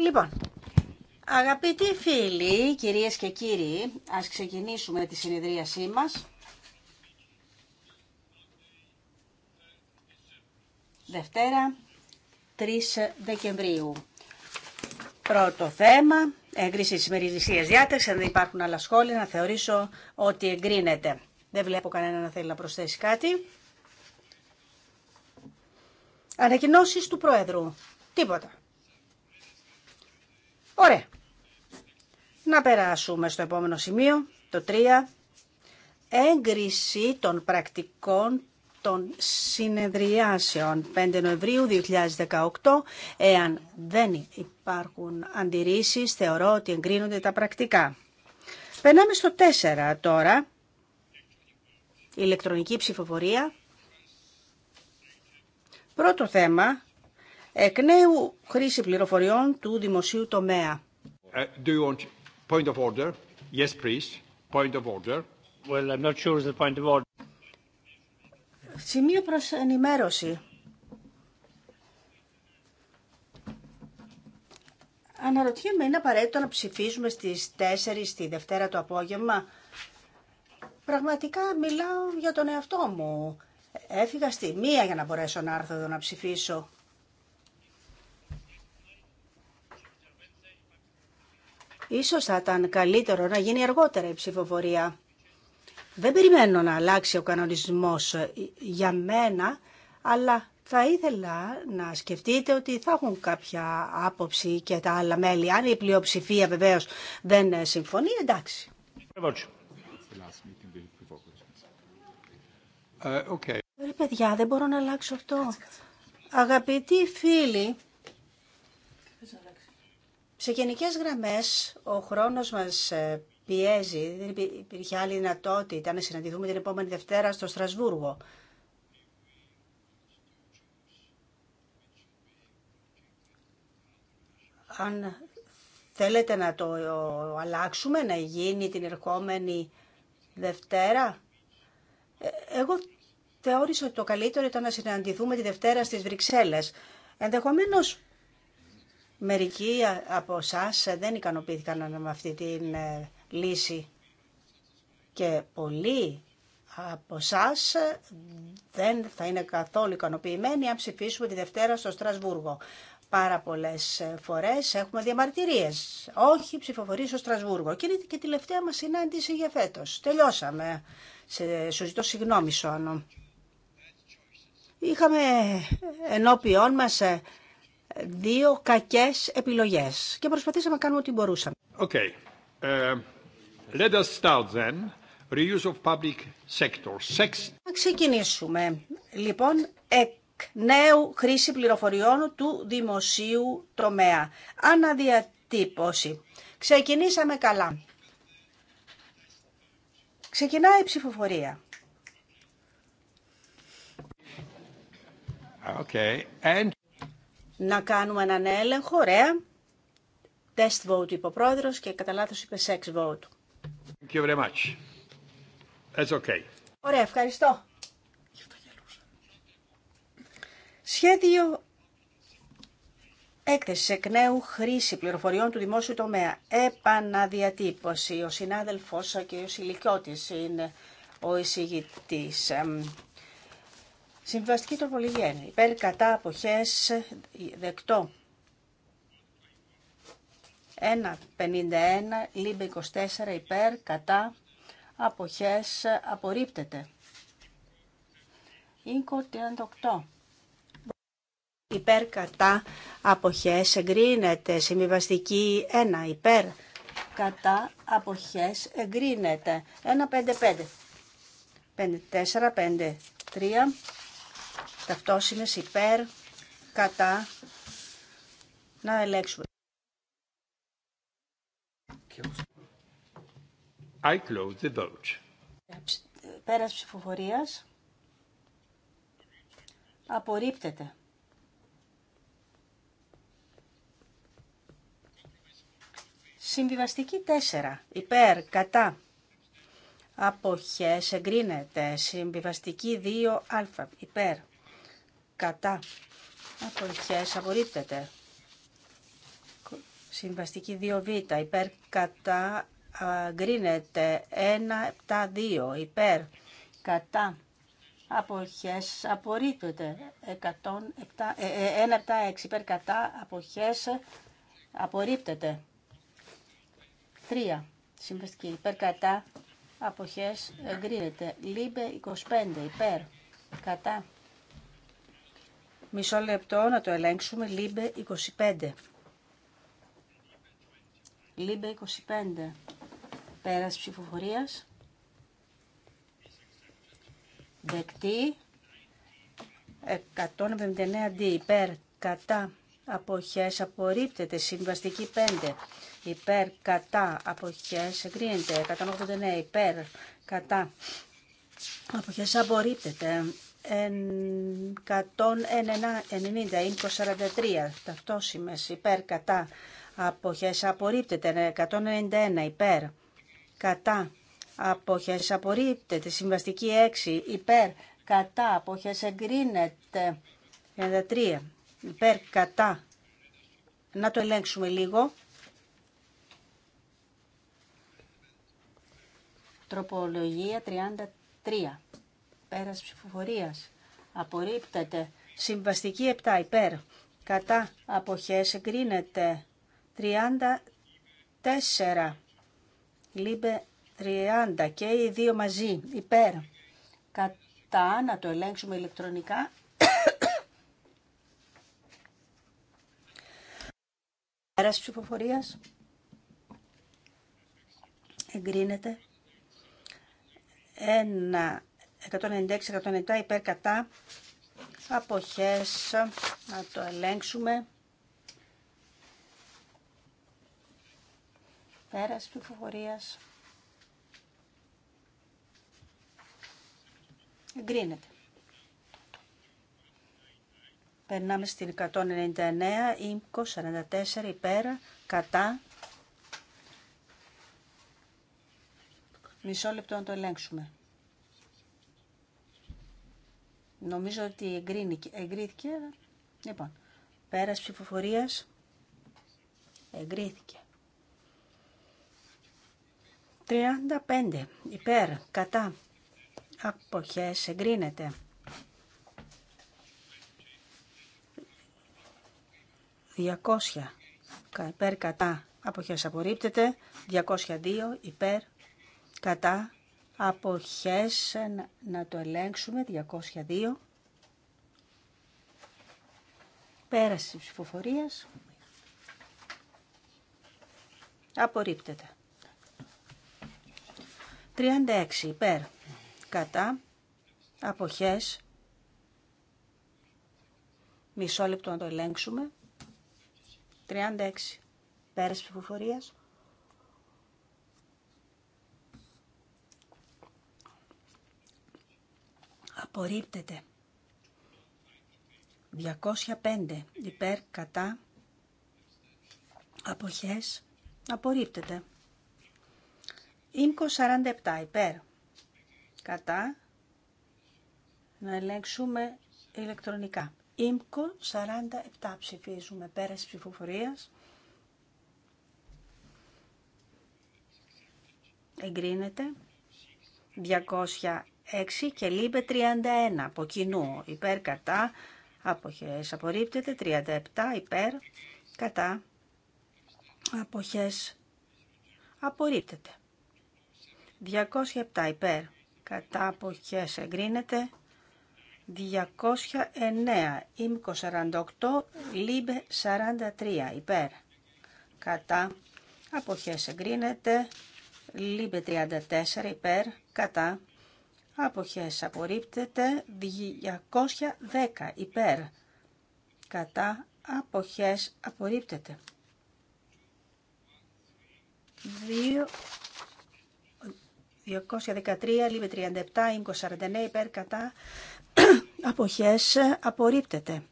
Λοιπόν, αγαπητοί φίλοι, κυρίες και κύριοι, ας ξεκινήσουμε τη συνεδρίασή μας. Δευτέρα, 3 Δεκεμβρίου. Πρώτο θέμα, έγκριση της μεριζησίας διάταξη. Αν δεν υπάρχουν άλλα σχόλια, να θεωρήσω ότι εγκρίνεται. Δεν βλέπω κανένα να θέλει να προσθέσει κάτι. Ανακοινώσεις του Πρόεδρου. Τίποτα. Ωραία. Να περάσουμε στο επόμενο σημείο, το 3. Έγκριση των πρακτικών των συνεδριάσεων 5 Νοεμβρίου 2018. Εάν δεν υπάρχουν αντιρρήσεις, θεωρώ ότι εγκρίνονται τα πρακτικά. Περνάμε στο 4 τώρα. Ηλεκτρονική ψηφοφορία. Πρώτο θέμα, εκ νέου χρήση πληροφοριών του δημοσίου τομέα. Ε, do you point of order? Yes, please. Point of order. Well, I'm not sure point of order. Σημείο προς ενημέρωση. Αναρωτιέμαι, είναι απαραίτητο να ψηφίζουμε στις 4 τη Δευτέρα το απόγευμα. Πραγματικά μιλάω για τον εαυτό μου. Έφυγα στη μία για να μπορέσω να έρθω εδώ να ψηφίσω. Ίσως θα ήταν καλύτερο να γίνει αργότερα η ψηφοφορία. Δεν περιμένω να αλλάξει ο κανονισμός για μένα, αλλά θα ήθελα να σκεφτείτε ότι θα έχουν κάποια άποψη και τα άλλα μέλη. Αν η πλειοψηφία βεβαίως δεν συμφωνεί, εντάξει. Ε, παιδιά, δεν μπορώ να αλλάξω αυτό. Αγαπητοί φίλοι, σε γενικές γραμμές, ο χρόνος μας ε, πιέζει. Δεν υπήρχε άλλη δυνατότητα να συναντηθούμε την επόμενη Δευτέρα στο Στρασβούργο. Αν θέλετε να το αλλάξουμε, να γίνει την ερχόμενη Δευτέρα. Ε, εγώ θεώρησα ότι το καλύτερο ήταν να συναντηθούμε τη Δευτέρα στις Βρυξέλλες. Ενδεχομένως Μερικοί από εσά δεν ικανοποιήθηκαν με αυτή τη ε, λύση και πολλοί από εσά δεν θα είναι καθόλου ικανοποιημένοι αν ψηφίσουμε τη Δευτέρα στο Στρασβούργο. Πάρα πολλέ φορέ έχουμε διαμαρτυρίε. Όχι ψηφοφορία στο Στρασβούργο. Και είναι και τη τελευταία μα συνάντηση για φέτο. Τελειώσαμε. Σε, σου ζητώ συγγνώμη, Σόνο. Είχαμε ενώπιόν μα. Ε, δύο κακές επιλογές και προσπαθήσαμε να κάνουμε ό,τι μπορούσαμε. Okay. Ε, let us start then. Reuse of public sector. Να ξεκινήσουμε. Λοιπόν, εκ νέου χρήση πληροφοριών του δημοσίου τομέα. Αναδιατύπωση. Ξεκινήσαμε καλά. Ξεκινάει η ψηφοφορία. Ah, okay. And να κάνουμε έναν έλεγχο. Ωραία. Test vote είπε ο πρόεδρος και κατά λάθο είπε sex vote. Thank very much. okay. Ωραία, ευχαριστώ. Σχέδιο έκθεση εκ νέου χρήση πληροφοριών του δημόσιου τομέα. Επαναδιατύπωση. Ο συνάδελφος ο Σιλικιώτης είναι ο εισηγητής. Συμβαστική τροπολογία 1. Υπέρ κατά αποχές δεκτό. 1.51 λίμπε 24 υπέρ κατά αποχές απορρίπτεται. Ίνκο 38. Υπέρ κατά αποχές εγκρίνεται. Συμβιβαστική 1. Υπέρ κατά αποχές εγκρίνεται. 1.55. 5, 4, 5, 3 Ταυτόσημες υπέρ, κατά, να ελέγξουμε. I close the vote. Πέρας ψηφοφορίας απορρίπτεται. Συμβιβαστική 4. Υπέρ, κατά. Αποχές εγκρίνεται. Συμβιβαστική 2α. Υπέρ κατά αποχές απορρίπτεται. Συμβαστική 2β υπέρ κατά γκρίνεται 7-2. υπέρ κατά αποχές απορρίπτεται 6 ε, ε, υπέρ κατά αποχές απορρίπτεται 3 συμβαστική υπέρ κατά αποχές εγκρίνεται λίμπε 25 υπέρ κατά Μισό λεπτό να το ελέγξουμε. Λίμπε 25. Λίμπε 25. Πέρας ψηφοφορίας. Δεκτή. 159 αντί υπέρ κατά αποχές απορρίπτεται. Συμβαστική 5. Υπέρ κατά αποχές εγκρίνεται. 189 υπέρ κατά αποχές απορρίπτεται. 190 είναι 43 ταυτόσημες υπέρ κατά αποχές απορρίπτεται 191 ναι, υπέρ κατά αποχές απορρίπτεται συμβαστική 6 υπέρ κατά αποχές εγκρίνεται 93 υπέρ κατά να το ελέγξουμε λίγο τροπολογία 33 πέρα ψηφοφορία. Απορρίπτεται. Συμβαστική 7 υπέρ. Κατά απόχέ εγκρίνεται. 34. Λίμπε 30 και οι δύο μαζί υπέρ. Κατά να το ελέγξουμε ηλεκτρονικά. πέρα ψηφοφορία. Εγκρίνεται. Ένα 196 107 υπέρ κατά αποχές. Να το ελέγξουμε. Πέρας πληροφορίας Εγκρίνεται. Περνάμε στην 199, ΙΜΚΟ 44, υπέρ, κατά. Μισό λεπτό να το ελέγξουμε. Νομίζω ότι εγκρίθηκε. Λοιπόν, πέρας ψηφοφορίας εγκρίθηκε. 35 υπέρ, κατά, αποχές, εγκρίνεται. 200 υπέρ, κατά, αποχές, απορρίπτεται. 202 υπέρ, κατά, Αποχές να το ελέγξουμε. 202. Πέραση ψηφοφορία. ψηφοφορίας. Απορρίπτεται. 36 υπέρ. Κατά. Αποχές. Μισό λεπτό να το ελέγξουμε. 36. Πέραση ψηφοφορίας. Απορρίπτεται. 205 υπέρ κατά αποχές απορρίπτεται. Ήμκο 47 υπέρ κατά να ελέγξουμε ηλεκτρονικά. Ήμκο 47 ψηφίζουμε πέρας ψηφοφορίας. Εγκρίνεται και λίμπε 31 από κοινού υπέρ κατά αποχές απορρίπτεται 37 υπέρ κατά αποχές απορρίπτεται 207 υπέρ κατά αποχές εγκρίνεται 209 ΙΜΚΟ 48 λίμπε 43 υπέρ κατά αποχές εγκρίνεται λίμπε 34 υπέρ κατά αποχές απορρίπτεται 210 υπέρ κατά αποχές απορρίπτεται 2, 213 λίβε 37 249 49 υπέρ κατά αποχές απορρίπτεται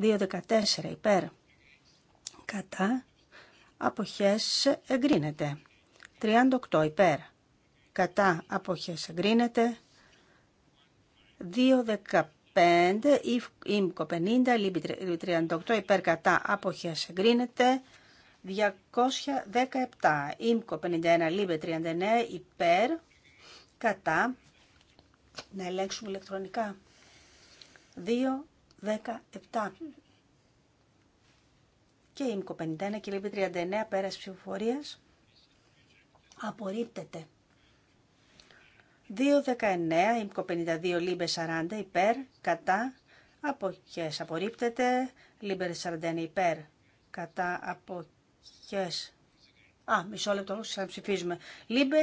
214 υπέρ κατά αποχές εγκρίνεται 38 υπέρ κατά αποχές εγκρίνεται. 2.15 ΙΜΚΟ 50 ΛΥΠΗ 38 υπέρ κατά αποχές εγκρίνεται. 217 ΙΜΚΟ 51 ΛΥΠΗ 39 υπέρ κατά να ελέγξουμε ηλεκτρονικά. 2.17 και ΙΜΚΟ 51 και ΛΥΠΗ 39 πέρας ψηφοφορίας απορρίπτεται. 2.19, ΙΜΚΟ 52, ΛΥΜΠΕ 40, υπέρ, κατά, αποχές απορρίπτεται, ΛΥΜΠΕ 41, υπέρ, κατά, αποχές. Α, μισό λεπτό, θα ψηφίζουμε. ΛΥΜΠΕ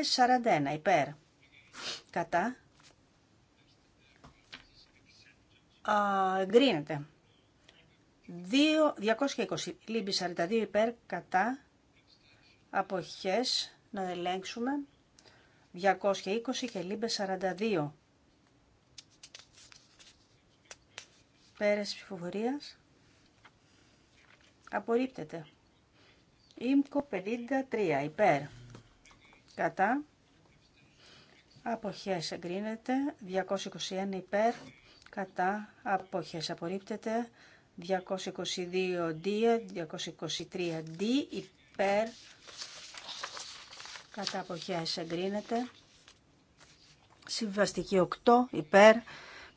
41, υπέρ, κατά, Α, εγκρίνεται. 2, 220, ΛΥΜΠΕ 42, υπέρ, κατά, αποχές, να ελέγξουμε. 220 και λίμπε 42. Πέρες ψηφοφορίας. Απορρίπτεται. Ήμκο 53 υπέρ. Κατά. Αποχές εγκρίνεται. 221 υπέρ. Κατά. Αποχές απορρίπτεται. 222 D, 223 D υπέρ κατά αποχές εγκρίνεται. Συμβαστική 8 υπέρ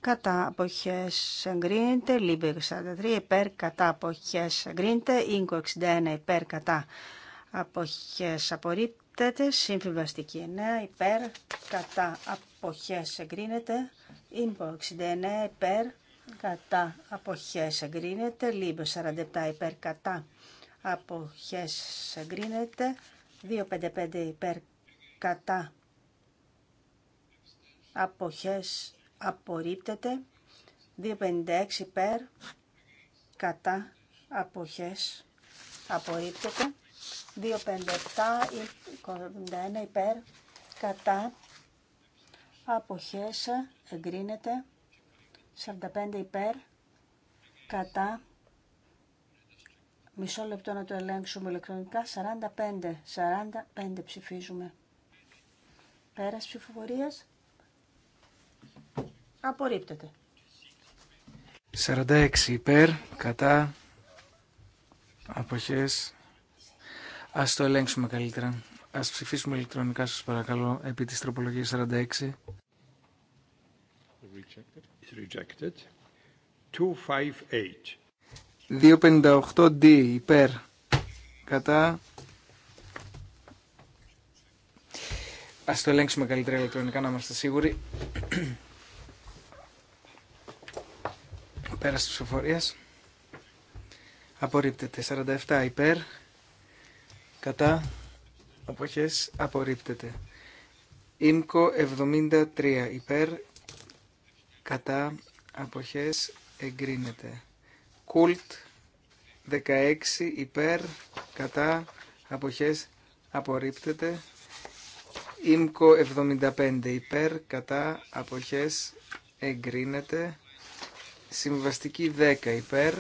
κατά αποχές εγκρίνεται. Λίμπε 63 υπέρ κατά αποχές εγκρίνεται. Ίνκο 61 υπέρ κατά αποχές απορρίπτεται. Συμβιβαστική 9 υπέρ κατά αποχές εγκρίνεται. Ίνκο 69 υπέρ κατά αποχές εγκρίνεται. Λίμπε 47 υπέρ κατά αποχές εγκρίνεται. 255 υπέρ κατά αποχές απορρίπτεται 256 υπέρ κατά αποχές απορρίπτεται 257 51 υπέρ κατά αποχές εγκρίνεται 45 υπέρ κατά Μισό λεπτό να το ελέγξουμε ηλεκτρονικά. 45. 45 ψηφίζουμε. Πέρας ψηφοφορίας. Απορρίπτεται. 46 υπέρ, κατά, αποχές. Ας το ελέγξουμε καλύτερα. Ας ψηφίσουμε ηλεκτρονικά σας παρακαλώ επί της τροπολογίας 46. Rejected. Rejected. 258. 258D υπέρ κατά Ας το ελέγξουμε καλύτερα ηλεκτρονικά να είμαστε σίγουροι Πέρας της ψηφοφορίας Απορρίπτεται 47 υπέρ κατά αποχές απορρίπτεται ΙΜΚΟ 73 υπέρ κατά αποχές εγκρίνεται Κουλτ 16 υπέρ κατά αποχές απορρίπτεται. Ήμκο 75 υπέρ κατά αποχές εγκρίνεται. Συμβαστική 10 υπέρ.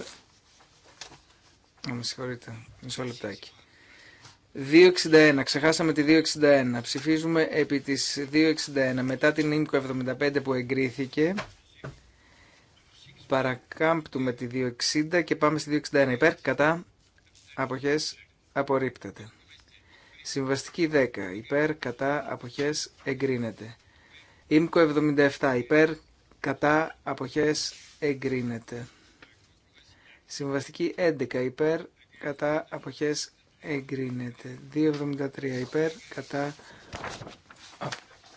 Με συγχωρείτε, μισό λεπτάκι. 261, ξεχάσαμε τη 261. Ψηφίζουμε επί της 261 μετά την ΙΜΚΟ 75 που εγκρίθηκε παρακάμπτουμε τη 260 και πάμε στη 261 υπέρ, κατά, αποχές, απορρίπτεται. Συμβαστική 10 υπέρ, κατά, αποχές, εγκρίνεται. Ήμκο 77 υπέρ, κατά, αποχές, εγκρίνεται. Συμβαστική 11 υπέρ, κατά, αποχές, εγκρίνεται. 273 υπέρ, κατά,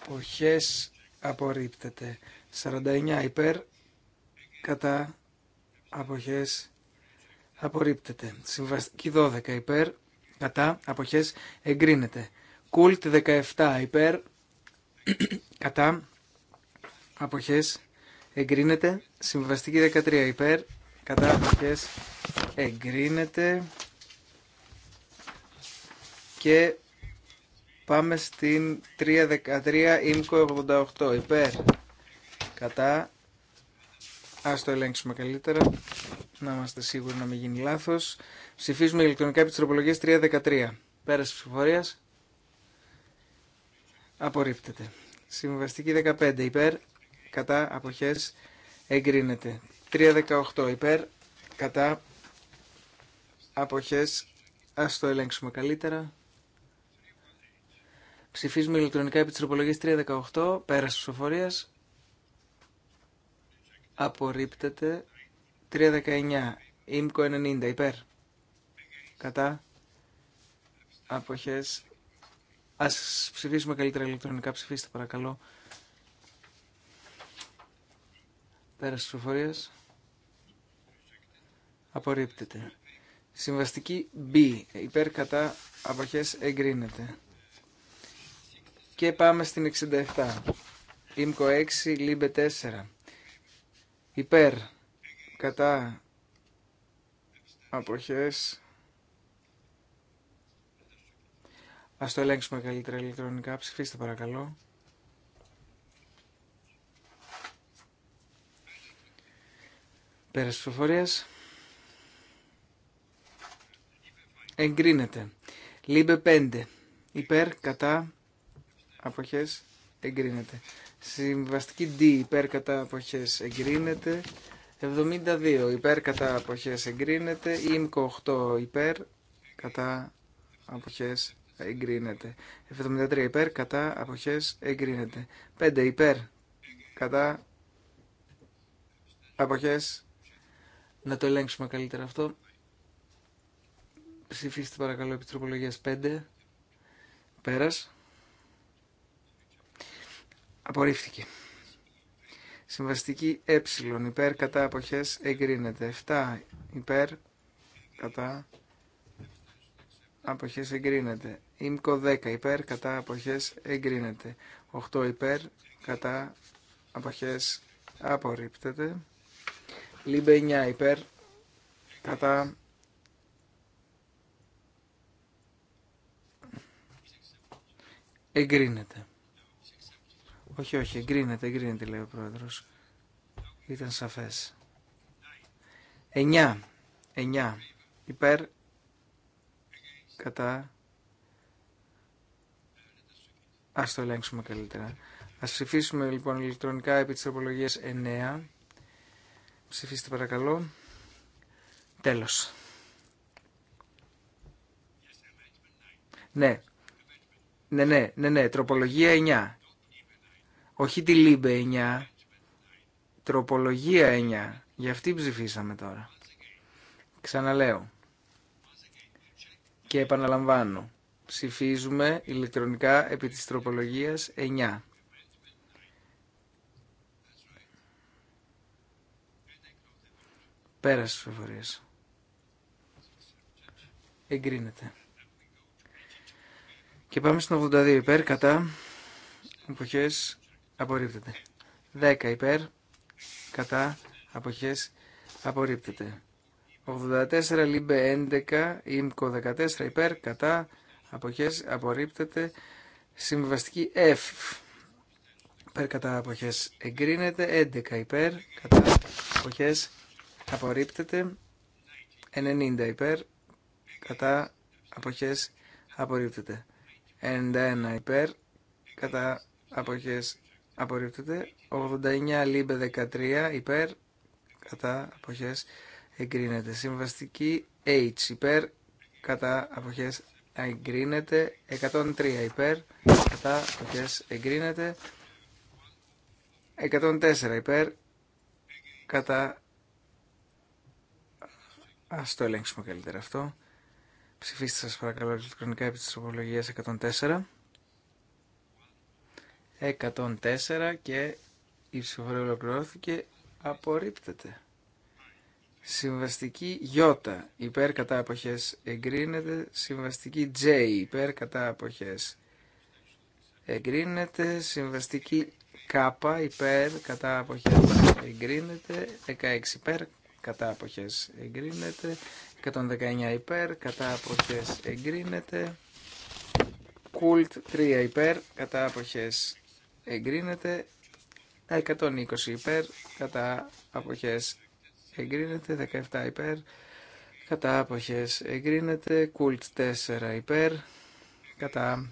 αποχές, απορρίπτεται. 49 υπέρ, κατά αποχές απορρίπτεται. Συμβαστική 12 υπέρ κατά αποχές εγκρίνεται. Κούλτ 17 υπέρ κατά αποχές εγκρίνεται. Συμβαστική 13 υπέρ κατά αποχές εγκρίνεται. Και πάμε στην 313 ΙΜΚΟ 88 υπέρ κατά Ας το ελέγξουμε καλύτερα, να είμαστε σίγουροι να μην γίνει λάθος. Ψηφίζουμε ηλεκτρονικά επί της τροπολογίας 313. Πέρας ψηφοφορίας. Απορρίπτεται. Συμβαστική 15 υπέρ, κατά αποχές εγκρίνεται. 318 υπέρ, κατά αποχές. Ας το ελέγξουμε καλύτερα. Ψηφίζουμε ηλεκτρονικά επί της τροπολογίας 318, πέρας ψηφοφορίας απορρίπτεται 319 ΙΜΚΟ 90 υπέρ κατά αποχές ας ψηφίσουμε καλύτερα ηλεκτρονικά ψηφίστε παρακαλώ Πέρα της προφορίες. απορρίπτεται συμβαστική B υπέρ κατά αποχές εγκρίνεται και πάμε στην 67 ΙΜΚΟ 6 ΛΥΜΠΕ 4 υπέρ κατά αποχές Ας το ελέγξουμε καλύτερα ηλεκτρονικά. Ψηφίστε παρακαλώ. Πέρας ψηφοφορίας. Εγκρίνεται. Λίμπε 5. Υπέρ, κατά, αποχές, εγκρίνεται. Συμβαστική D υπέρ κατά αποχές εγκρίνεται. 72 υπέρ κατά αποχές εγκρίνεται. Ήμκο 8 υπέρ κατά αποχές εγκρίνεται. 73 υπέρ κατά αποχές εγκρίνεται. 5 υπέρ κατά αποχές. Να το ελέγξουμε καλύτερα αυτό. Ψηφίστε παρακαλώ επί 5. Πέρας. Απορρίφθηκε. Συμβαστική ε υπέρ κατά αποχές εγκρίνεται. 7 υπέρ κατά αποχές εγκρίνεται. Ήμκο 10 υπέρ κατά αποχές εγκρίνεται. 8 υπέρ κατά αποχές απορρίπτεται. Λίμπε 9 υπέρ κατά εγκρίνεται. Όχι, όχι, εγκρίνεται, εγκρίνεται λέει ο πρόεδρος. Ήταν σαφές. 9. 9. Υπέρ. Κατά. Ας το ελέγξουμε καλύτερα. Ας ψηφίσουμε λοιπόν ηλεκτρονικά επί της τροπολογίας 9. Ψηφίστε παρακαλώ. Τέλος. Ναι. Ναι, ναι, ναι, ναι. Τροπολογία 9. Όχι τη Λίμπε 9. Τροπολογία 9. Για αυτή ψηφίσαμε τώρα. Ξαναλέω. Και επαναλαμβάνω. Ψηφίζουμε ηλεκτρονικά επί της τροπολογίας 9. Πέρασε τις φοβορίες. Εγκρίνεται. Και πάμε στην 82 υπέρ κατά εποχές απορρίπτεται. 10 υπέρ, κατά, αποχές, απορρίπτεται. 84 λίμπε 11, ΙΜΚΟ 14 υπέρ, κατά, αποχές, απορρίπτεται. Συμβαστική F, υπέρ κατά αποχές εγκρίνεται, 11 υπέρ, κατά αποχές απορρίπτεται, 90 υπέρ, κατά αποχές απορρίπτεται, 91 υπέρ, κατά αποχές απορρίπτεται. 89 λίμπε 13 υπέρ κατά αποχές εγκρίνεται. Συμβαστική H υπέρ κατά αποχές εγκρίνεται. 103 υπέρ κατά αποχές εγκρίνεται. 104 υπέρ κατά Α το ελέγξουμε καλύτερα αυτό. Ψηφίστε σας παρακαλώ ηλεκτρονικά επί τη τροπολογία 104. 104 και η ψηφοφορία ολοκληρώθηκε απορρίπτεται. Συμβαστική Ι υπέρ κατά εποχές εγκρίνεται. Συμβαστική J υπέρ κατά εποχές εγκρίνεται. Συμβαστική K υπέρ κατά εποχές εγκρίνεται. 16 υπέρ κατά εποχές εγκρίνεται. 119 υπέρ κατά εποχές εγκρίνεται. Κουλτ 3 υπέρ κατά εγκρίνεται εγκρίνεται 120 υπέρ κατά αποχές εγκρίνεται 17 υπέρ κατά αποχές εγκρίνεται κουλτ 4 υπέρ κατά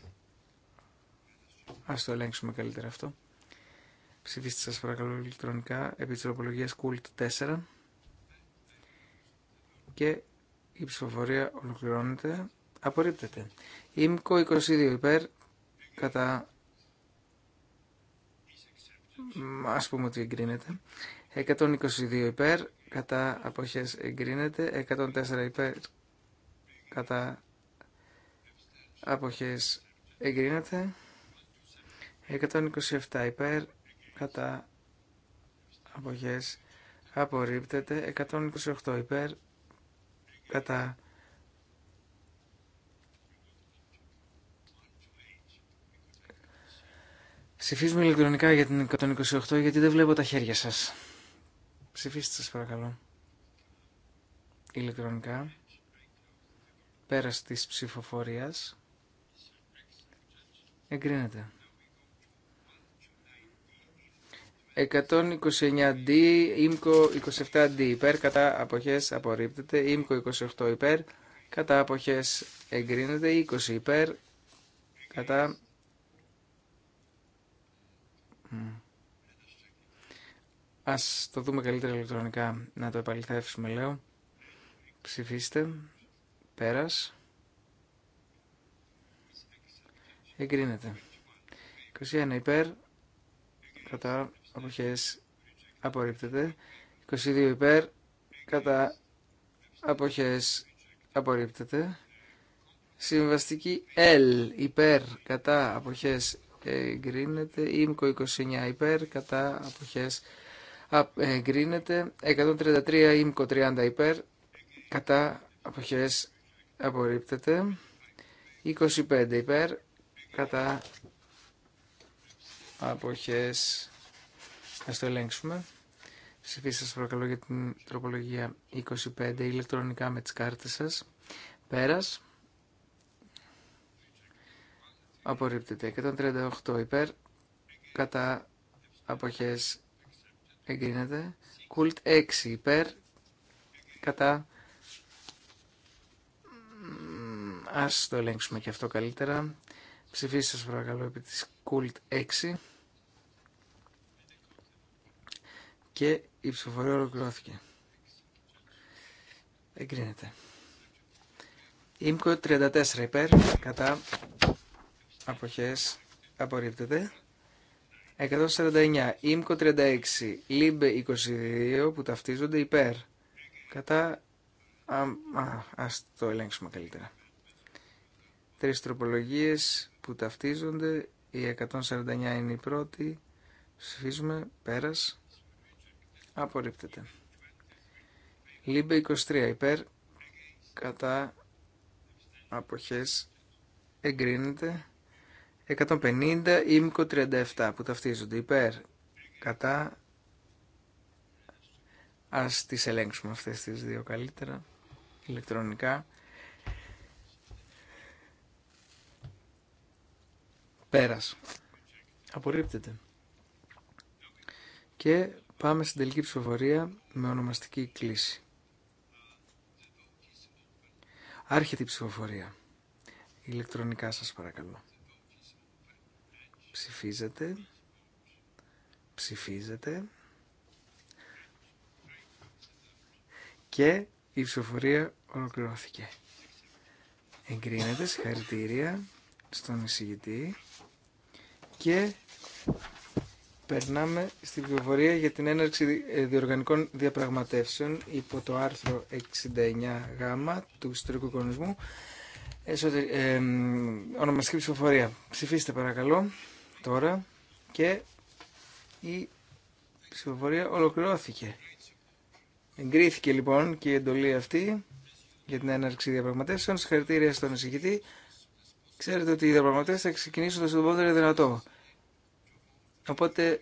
ας το ελέγξουμε καλύτερα αυτό ψηφίστε σας παρακαλώ ηλεκτρονικά επί της κουλτ 4 και η ψηφοφορία ολοκληρώνεται απορρίπτεται ΙΜΚΟ 22 υπέρ κατά Α πούμε ότι εγκρίνεται. 122 υπέρ, κατά αποχέ εγκρίνεται. 104 υπέρ, κατά αποχές εγκρίνεται. 127 υπέρ, κατά αποχές απορρίπτεται. 128 υπέρ, κατά Ψηφίζουμε ηλεκτρονικά για την 128 γιατί δεν βλέπω τα χέρια σας. Ψηφίστε σας παρακαλώ. Ηλεκτρονικά. Πέρας της ψηφοφορίας. Εγκρίνεται. 129D, ΙΜΚΟ 27D υπέρ, κατά αποχές απορρίπτεται, ΙΜΚΟ 28 υπέρ, κατά αποχές εγκρίνεται, 20 υπέρ, κατά Ας το δούμε καλύτερα ηλεκτρονικά, να το επαληθεύσουμε λέω. Ψηφίστε. Πέρας. Εγκρίνεται. 21 υπέρ. Κατά αποχές απορρίπτεται. 22 υπέρ. Κατά αποχές απορρίπτεται. Συμβαστική L υπέρ κατά αποχές εγκρίνεται. ΙΜΚΟ 29 υπέρ, κατά αποχές εγκρίνεται. 133 ΙΜΚΟ 30 υπέρ, κατά αποχές απορρίπτεται. 25 υπέρ, κατά αποχές ας το ελέγξουμε. Ψηφίστε σας για την τροπολογία 25 ηλεκτρονικά με τις κάρτες σας. Πέρας απορρίπτεται. 138 υπέρ, κατά αποχές εγκρίνεται. Κουλτ 6 υπέρ, κατά Ας το ελέγξουμε και αυτό καλύτερα. Ψηφίστε σας παρακαλώ επί της Κουλτ 6 και η ψηφοφορία ολοκληρώθηκε. Εγκρίνεται. Ήμκο 34 υπέρ, κατά αποχές απορρίπτεται. 149, ΙΜΚΟ 36, Λίμπε 22 που ταυτίζονται υπέρ. Κατά... Α, α, ας το ελέγξουμε καλύτερα. Τρεις τροπολογίες που ταυτίζονται, η 149 είναι η πρώτη, ψηφίζουμε, πέρας, απορρίπτεται. Λίμπε 23 υπέρ, κατά αποχές εγκρίνεται. 150 ήμικο 37 που ταυτίζονται υπέρ κατά ας τις ελέγξουμε αυτές τις δύο καλύτερα ηλεκτρονικά πέρας απορρίπτεται και πάμε στην τελική ψηφοφορία με ονομαστική κλίση άρχεται η ψηφοφορία ηλεκτρονικά σας παρακαλώ Ψηφίζεται. Ψηφίζεται. Και η ψηφοφορία ολοκληρώθηκε. Εγκρίνεται συγχαρητήρια στον εισηγητή και περνάμε στην πληροφορία για την έναρξη διοργανικών διαπραγματεύσεων υπό το άρθρο 69 γάμα του ιστορικού οικονομισμού. Εσωτερ... ονομαστική ψηφοφορία. Ψηφίστε παρακαλώ τώρα και η ψηφοφορία ολοκληρώθηκε. Εγκρίθηκε λοιπόν και η εντολή αυτή για την έναρξη διαπραγματεύσεων. Συγχαρητήρια στον εισηγητή. Ξέρετε ότι οι διαπραγματεύσει θα ξεκινήσουν το συντομότερο δυνατό. Οπότε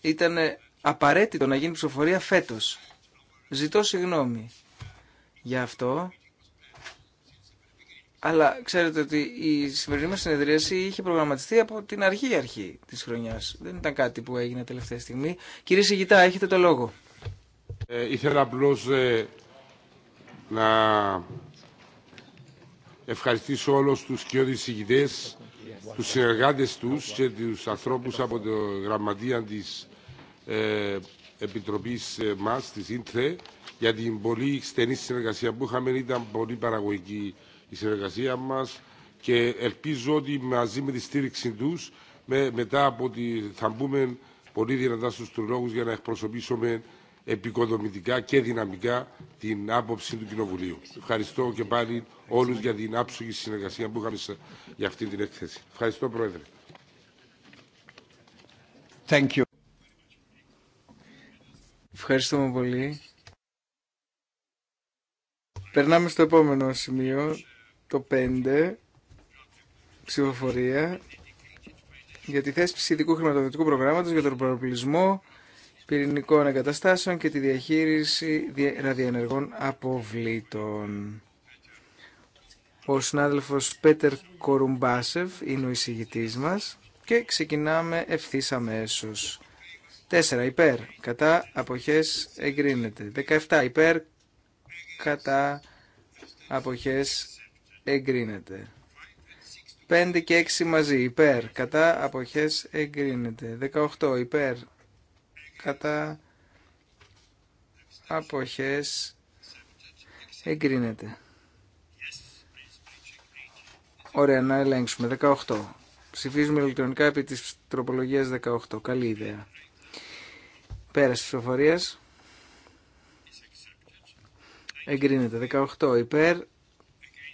ήταν απαραίτητο να γίνει ψηφοφορία φέτος. Ζητώ συγγνώμη για αυτό. Αλλά ξέρετε ότι η σημερινή μα συνεδρίαση είχε προγραμματιστεί από την αρχή αρχή της χρονιάς. Δεν ήταν κάτι που έγινε τελευταία στιγμή. Κύριε Σιγητά, έχετε το λόγο. Ε, ήθελα απλώ ε, να ευχαριστήσω όλους τους κοιόδη συγητές, τους συνεργάτες τους και του ανθρώπου από το γραμματεία της ε, Επιτροπής ε, μας, της ΙΝΤΡΕ, για την πολύ στενή συνεργασία που είχαμε. Ήταν πολύ παραγωγική η συνεργασία μας και ελπίζω ότι μαζί με τη στήριξη τους με, μετά από ότι θα μπούμε πολύ δυνατά στους λόγου για να εκπροσωπήσουμε επικοδομητικά και δυναμικά την άποψη του Κοινοβουλίου. Ευχαριστώ και πάλι όλους για την άψογη συνεργασία που είχαμε για αυτή την έκθεση. Ευχαριστώ, Πρόεδρε. Thank you. Ευχαριστούμε πολύ. Περνάμε στο επόμενο σημείο το 5 ψηφοφορία για τη θέσπιση ειδικού χρηματοδοτικού προγράμματος για τον προοπλισμό πυρηνικών εγκαταστάσεων και τη διαχείριση ραδιενεργών αποβλήτων. Ο συνάδελφος Πέτερ Κορουμπάσεφ είναι ο εισηγητής μας και ξεκινάμε ευθύ αμέσω. 4. Υπέρ. Κατά αποχές εγκρίνεται. 17. Υπέρ. Κατά αποχές εγκρίνεται. 5 και 6 μαζί υπέρ κατά αποχές εγκρίνεται. 18 υπέρ κατά αποχές εγκρίνεται. Ωραία, να ελέγξουμε. 18. Ψηφίζουμε ηλεκτρονικά επί της τροπολογίας 18. Καλή ιδέα. Πέρας ψηφοφορίας. Εγκρίνεται. 18 υπέρ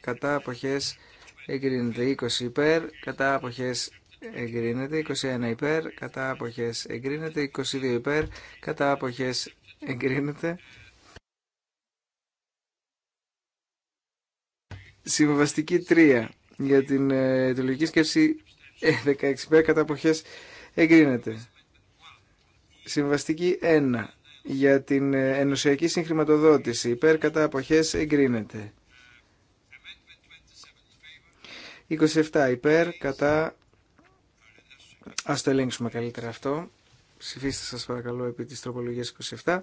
κατά αποχές εγκρίνεται 20 υπέρ, κατά αποχές εγκρίνεται 21 υπέρ, κατά αποχές εγκρίνεται 22 υπέρ, κατά αποχές εγκρίνεται. Συμβαστική 3 για την αιτιολογική ε, σκέψη 16 ε, υπέρ, κατά αποχές εγκρίνεται. Συμβαστική 1 για την ε, ενωσιακή συγχρηματοδότηση υπέρ κατά αποχές εγκρίνεται. 27 υπέρ, κατά... Ας το ελέγξουμε καλύτερα αυτό. Ψηφίστε σας παρακαλώ επί της τροπολογίας 27.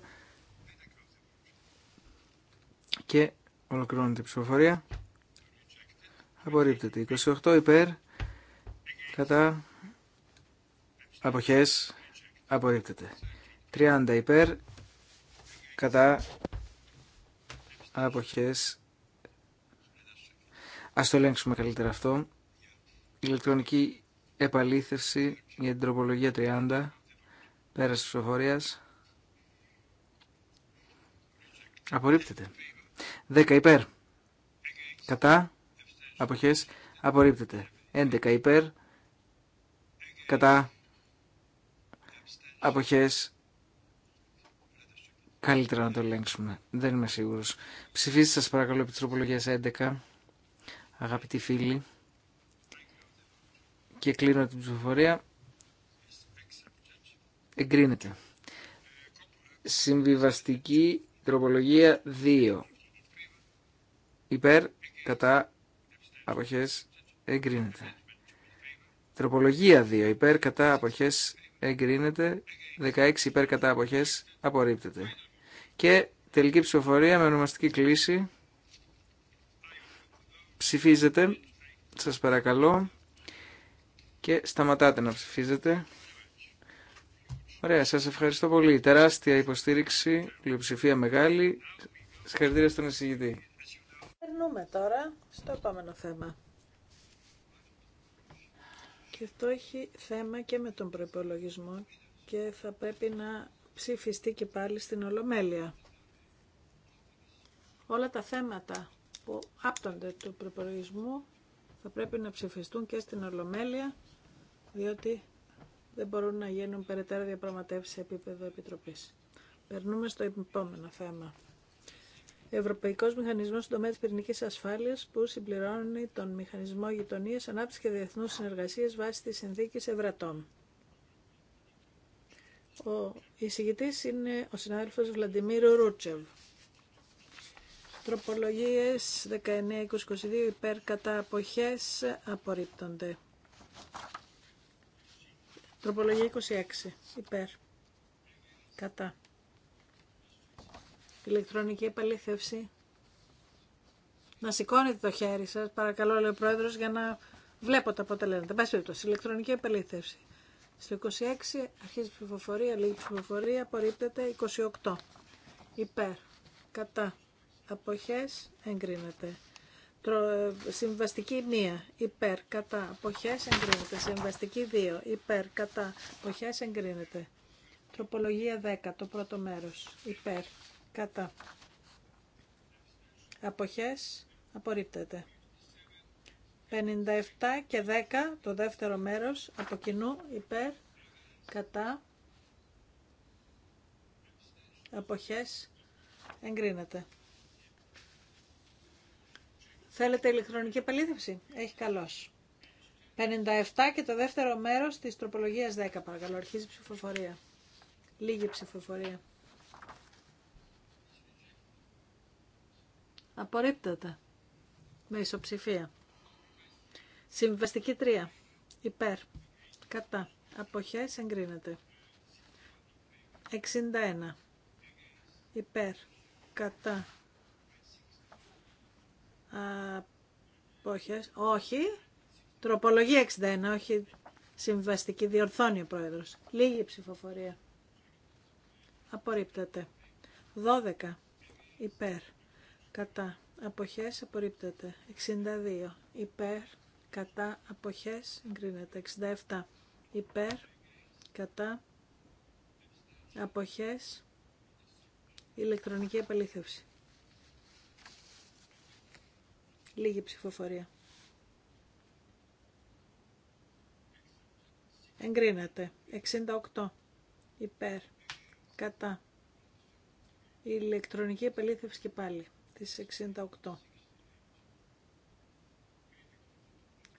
Και ολοκληρώνεται η ψηφοφορία. Απορρίπτεται. 28 υπέρ, κατά... Αποχές, απορρίπτεται. 30 υπέρ, κατά... Αποχές, Ας το ελέγξουμε καλύτερα αυτό. Ηλεκτρονική επαλήθευση για την τροπολογία 30. Πέρας της ψηφοφορίας. Απορρίπτεται. 10 υπέρ. Κατά. Αποχές. Απορρίπτεται. 11 υπέρ. Κατά. Αποχές. Καλύτερα να το ελέγξουμε. Δεν είμαι σίγουρος. Ψηφίστε σας παρακαλώ επί 11 αγαπητοί φίλοι, και κλείνω την ψηφοφορία. Εγκρίνεται. Συμβιβαστική τροπολογία 2. Υπέρ, κατά, αποχές, εγκρίνεται. Τροπολογία 2. Υπέρ, κατά, αποχές, εγκρίνεται. 16 υπέρ, κατά, αποχές, απορρίπτεται. Και τελική ψηφοφορία με ονομαστική κλίση. Ψηφίζετε, σας παρακαλώ, και σταματάτε να ψηφίζετε. Ωραία, σας ευχαριστώ πολύ. Τεράστια υποστήριξη, πλειοψηφία μεγάλη. Συγχαρητήρια στον εισηγητή. Περνούμε τώρα στο επόμενο θέμα. Και αυτό έχει θέμα και με τον προπολογισμό και θα πρέπει να ψηφιστεί και πάλι στην Ολομέλεια. Όλα τα θέματα που άπτονται του προπολογισμού θα πρέπει να ψηφιστούν και στην Ολομέλεια, διότι δεν μπορούν να γίνουν περαιτέρω διαπραγματεύσει σε επίπεδο επιτροπή. Περνούμε στο επόμενο θέμα. Ευρωπαϊκό Μηχανισμό στον τομέα τη πυρηνική ασφάλεια που συμπληρώνει τον Μηχανισμό Γειτονία Ανάπτυξη και Διεθνού Συνεργασία βάσει τη συνθήκη Ευρατών. Ο εισηγητή είναι ο συνάδελφο Βλαντιμίρο Ρούτσεβ. Τροπολογίες 19-22 υπέρ κατά αποχές απορρίπτονται. Τροπολογία 26 υπέρ κατά. Ηλεκτρονική επαλήθευση. Να σηκώνετε το χέρι σας, παρακαλώ λέει ο Πρόεδρος, για να βλέπω τα αποτελέσματα. Πάση περιπτώσει, ηλεκτρονική επαλήθευση. Στο 26 αρχίζει ψηφοφορία, λίγη ψηφοφορία, απορρίπτεται 28. Υπέρ, κατά, αποχές εγκρίνεται. Ε, συμβαστική 1 υπέρ κατά αποχές εγκρίνεται. Συμβαστική 2 υπέρ κατά αποχές εγκρίνεται. Τροπολογία 10 το πρώτο μέρος υπέρ κατά αποχές απορρίπτεται. 57 και 10 το δεύτερο μέρος από κοινού υπέρ κατά αποχές εγκρίνεται. Θέλετε ηλεκτρονική επαλήθευση. Έχει καλώς. 57 και το δεύτερο μέρος της τροπολογίας 10 παρακαλώ. Αρχίζει η ψηφοφορία. Λίγη ψηφοφορία. Απορρίπτεται. Με ισοψηφία. Συμβαστική 3. Υπέρ. Κατά. Αποχές εγκρίνεται. 61. Υπέρ. Κατά. Αποχέ, Όχι. Τροπολογία 61, όχι συμβαστική. Διορθώνει ο πρόεδρος. Λίγη ψηφοφορία. Απορρίπτεται. 12. Υπέρ. Κατά. Αποχές απορρίπτεται. 62. Υπέρ. Κατά. Αποχές εγκρίνεται. 67. Υπέρ. Κατά. Αποχές. Ηλεκτρονική επαλήθευση. Λίγη ψηφοφορία. Εγκρίνεται. 68. Υπέρ. Κατά. Η ηλεκτρονική επελήθευση και πάλι. Της 68.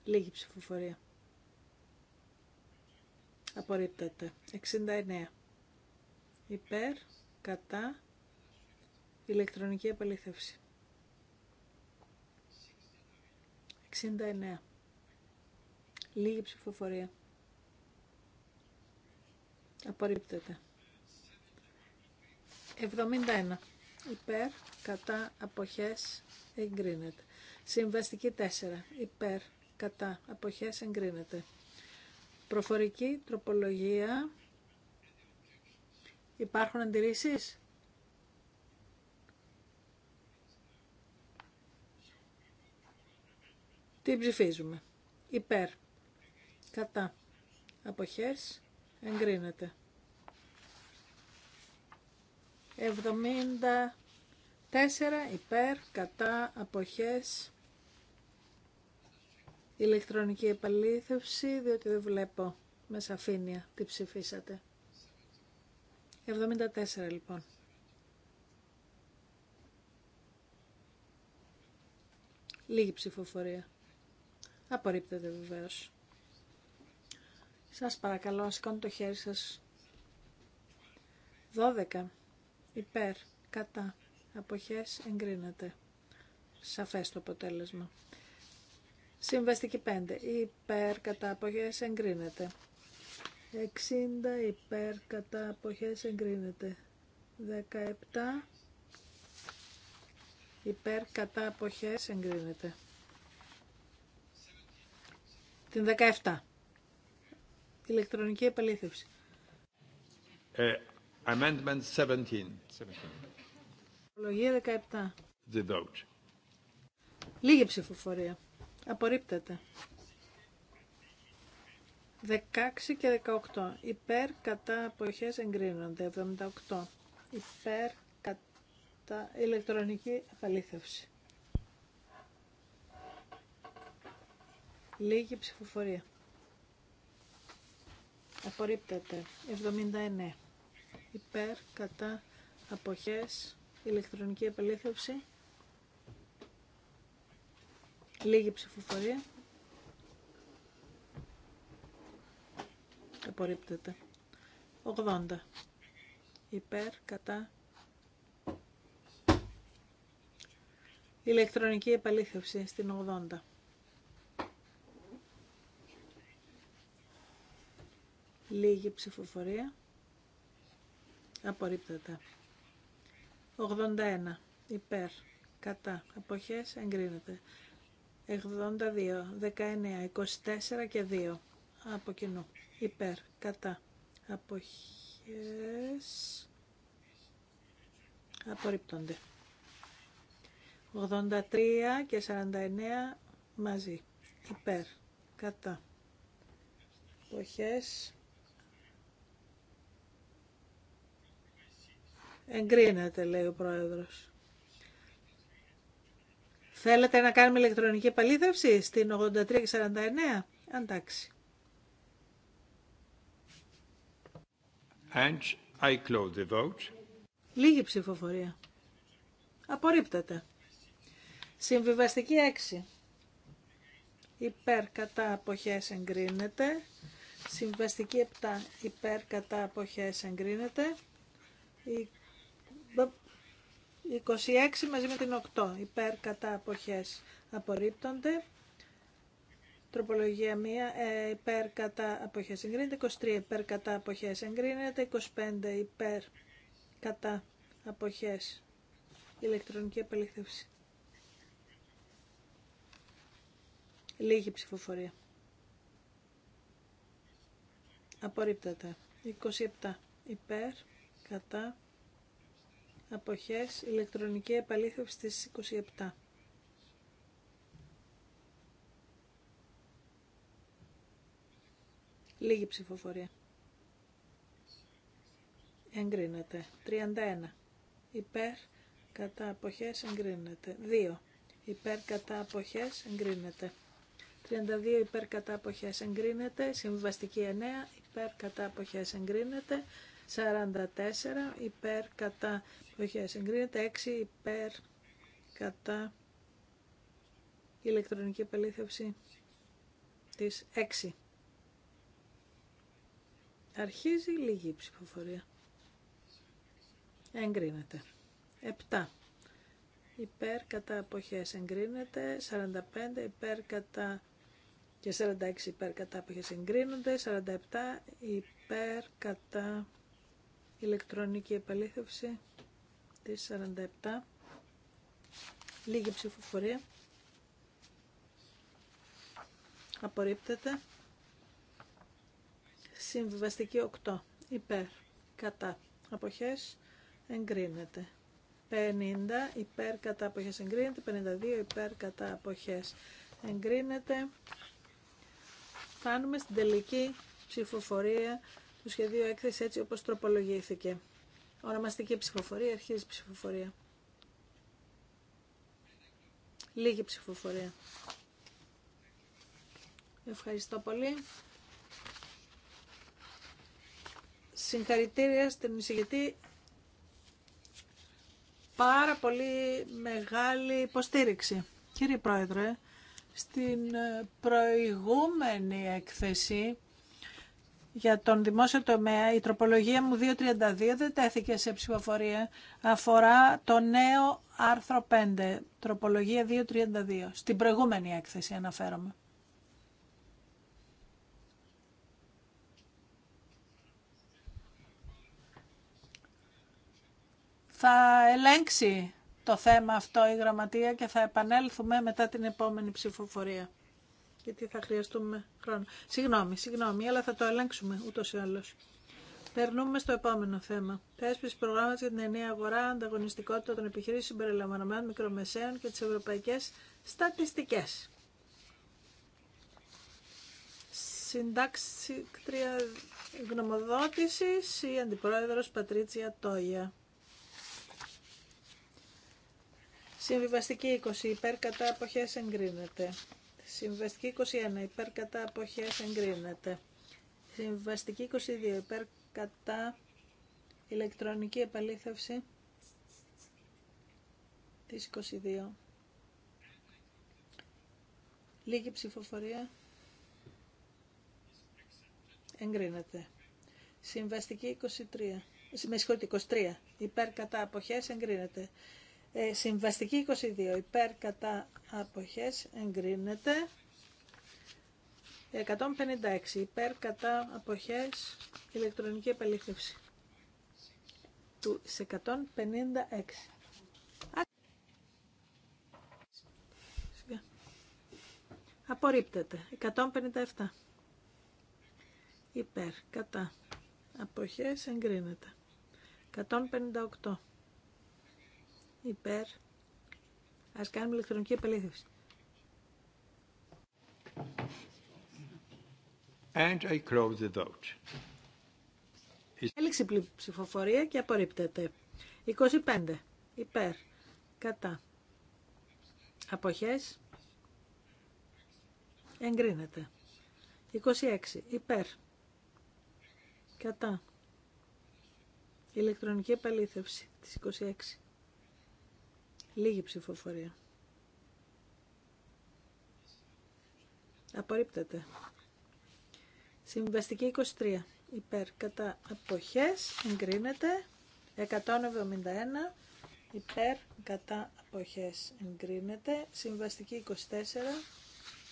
Λίγη ψηφοφορία. Απορρίπτεται. 69. Υπέρ. Κατά. Ηλεκτρονική επαλήθευση. 69. Λίγη ψηφοφορία. Απορρίπτεται. 71. Υπέρ, κατά, αποχές, εγκρίνεται. Συμβαστική 4. Υπέρ, κατά, αποχές, εγκρίνεται. Προφορική τροπολογία. Υπάρχουν αντιρρήσεις? Τι ψηφίζουμε. Υπέρ. Κατά. Αποχές. Εγκρίνεται. 74 υπέρ. Κατά. Αποχές. Ηλεκτρονική επαλήθευση, διότι δεν βλέπω με σαφήνεια τι ψηφίσατε. 74 λοιπόν. Λίγη ψηφοφορία. Απορρίπτεται βεβαίω. Σας παρακαλώ, σηκώνετε το χέρι σας. 12. Υπέρ, κατά, αποχές, εγκρίνεται. Σαφές το αποτέλεσμα. Συμβαστική 5. Υπέρ, κατά, αποχές, εγκρίνεται. 60. Υπέρ, κατά, αποχές, εγκρίνεται. 17. Υπέρ, κατά, αποχές, εγκρίνεται. Την 17. Ηλεκτρονική επαλήθευση. Uh, amendment 17. Ολογία 17. The vote. Λίγη ψηφοφορία. Απορρίπτεται. 16 και 18. Υπέρ κατά αποχές εγκρίνονται. 78. Υπέρ κατά ηλεκτρονική επαλήθευση. Λίγη ψηφοφορία. Απορρίπτεται. 79. Υπέρ, κατά, αποχές, ηλεκτρονική επαλήθευση. Λίγη ψηφοφορία. Απορρίπτεται. 80. Υπέρ, κατά, ηλεκτρονική επαλήθευση στην 80. Λίγη ψηφοφορία. Απορρίπτεται. 81. Υπέρ. Κατά. Αποχές. Εγκρίνεται. 82. 19. 24 και 2. Από κοινού. Υπέρ. Κατά. Αποχές. Απορρίπτονται. 83 και 49 μαζί. Υπέρ. Κατά. Αποχές. Εγκρίνεται, λέει ο Πρόεδρος. Θέλετε να κάνουμε ηλεκτρονική επαλήθευση στην 83 και 49. Εντάξει. I close Λίγη ψηφοφορία. Απορρίπτεται. Συμβιβαστική 6. Υπέρ κατά αποχές εγκρίνεται. Συμβαστική 7. Υπέρ κατά αποχές εγκρίνεται. 26 μαζί με την 8 υπέρ κατά αποχές απορρίπτονται. Τροπολογία 1 ε, υπέρ κατά αποχές εγκρίνεται. 23 υπέρ κατά αποχές εγκρίνεται. 25 υπέρ κατά αποχές ηλεκτρονική απελευθέρωση. Λίγη ψηφοφορία. Απορρίπτεται. 27 υπέρ κατά αποχές ηλεκτρονική επαλήθευση στις 27. Λίγη ψηφοφορία. Εγκρίνεται. 31. Υπέρ κατά αποχές εγκρίνεται. 2. Υπέρ κατά αποχές εγκρίνεται. 32 υπέρ κατά αποχές εγκρίνεται. Συμβαστική 9 υπέρ κατά αποχές εγκρίνεται. 44 υπέρ κατά αποχές εγκρίνεται. 6 υπέρ κατά ηλεκτρονική επαλήθευση της 6. Αρχίζει λίγη η ψηφοφορία. Εγκρίνεται. 7. Υπέρ κατά αποχές εγκρίνεται. 45 υπέρ κατά και 46 υπέρ κατά αποχές εγκρίνονται. 47 υπέρ κατά ηλεκτρονική επαλήθευση της 47 λίγη ψηφοφορία απορρίπτεται συμβιβαστική 8 υπέρ κατά αποχές εγκρίνεται 50 υπέρ κατά αποχές εγκρίνεται 52 υπέρ κατά αποχές εγκρίνεται φτάνουμε στην τελική ψηφοφορία το σχεδίο έκθεση έτσι όπως τροπολογήθηκε. Οραμαστική ψηφοφορία, αρχίζει ψηφοφορία. Λίγη ψηφοφορία. Ευχαριστώ πολύ. Συγχαρητήρια στην εισηγητή. Πάρα πολύ μεγάλη υποστήριξη. Κύριε Πρόεδρε, στην προηγούμενη έκθεση για τον δημόσιο τομέα, η τροπολογία μου 232 δεν τέθηκε σε ψηφοφορία, αφορά το νέο άρθρο 5, τροπολογία 232, στην προηγούμενη έκθεση αναφέρομαι. Θα ελέγξει το θέμα αυτό η γραμματεία και θα επανέλθουμε μετά την επόμενη ψηφοφορία γιατί θα χρειαστούμε χρόνο. Συγγνώμη, συγγνώμη, αλλά θα το ελέγξουμε ούτως ή άλλως. Περνούμε στο επόμενο θέμα. Θέσπιση προγράμματο για την ενιαία αγορά, ανταγωνιστικότητα των επιχειρήσεων συμπεριλαμβανομένων μικρομεσαίων και τι ευρωπαϊκέ στατιστικέ. τρία γνωμοδότηση η αντιπρόεδρο Πατρίτσια Τόγια. Συμβιβαστική 20 υπέρ κατά αποχές εγκρίνεται. Συμβαστική 21 υπέρ κατά αποχές εγκρίνεται. Συμβαστική 22 υπέρ κατά ηλεκτρονική επαλήθευση της 22. Λίγη ψηφοφορία. Εγκρίνεται. Συμβαστική 23. Ε, με συγχωρείτε, 23. Υπέρ κατά αποχές εγκρίνεται. Ε, συμβαστική 22 υπέρ κατά αποχές εγκρίνεται. 156 υπέρ κατά αποχές ηλεκτρονική επαλήθευση του 156. Απορρίπτεται. 157. Υπέρ. Κατά. Αποχές εγκρίνεται. 158 υπέρ. Ας κάνουμε ηλεκτρονική επαλήθευση. And I close Έληξη ψηφοφορία και απορρίπτεται. 25. Υπέρ. Κατά. Αποχές. Εγκρίνεται. 26. Υπέρ. Κατά. Ηλεκτρονική επαλήθευση της 26. Λίγη ψηφοφορία. Απορρίπτεται. Συμβαστική 23. Υπέρ κατά αποχές εγκρίνεται. 171. Υπέρ κατά αποχές εγκρίνεται. Συμβαστική 24.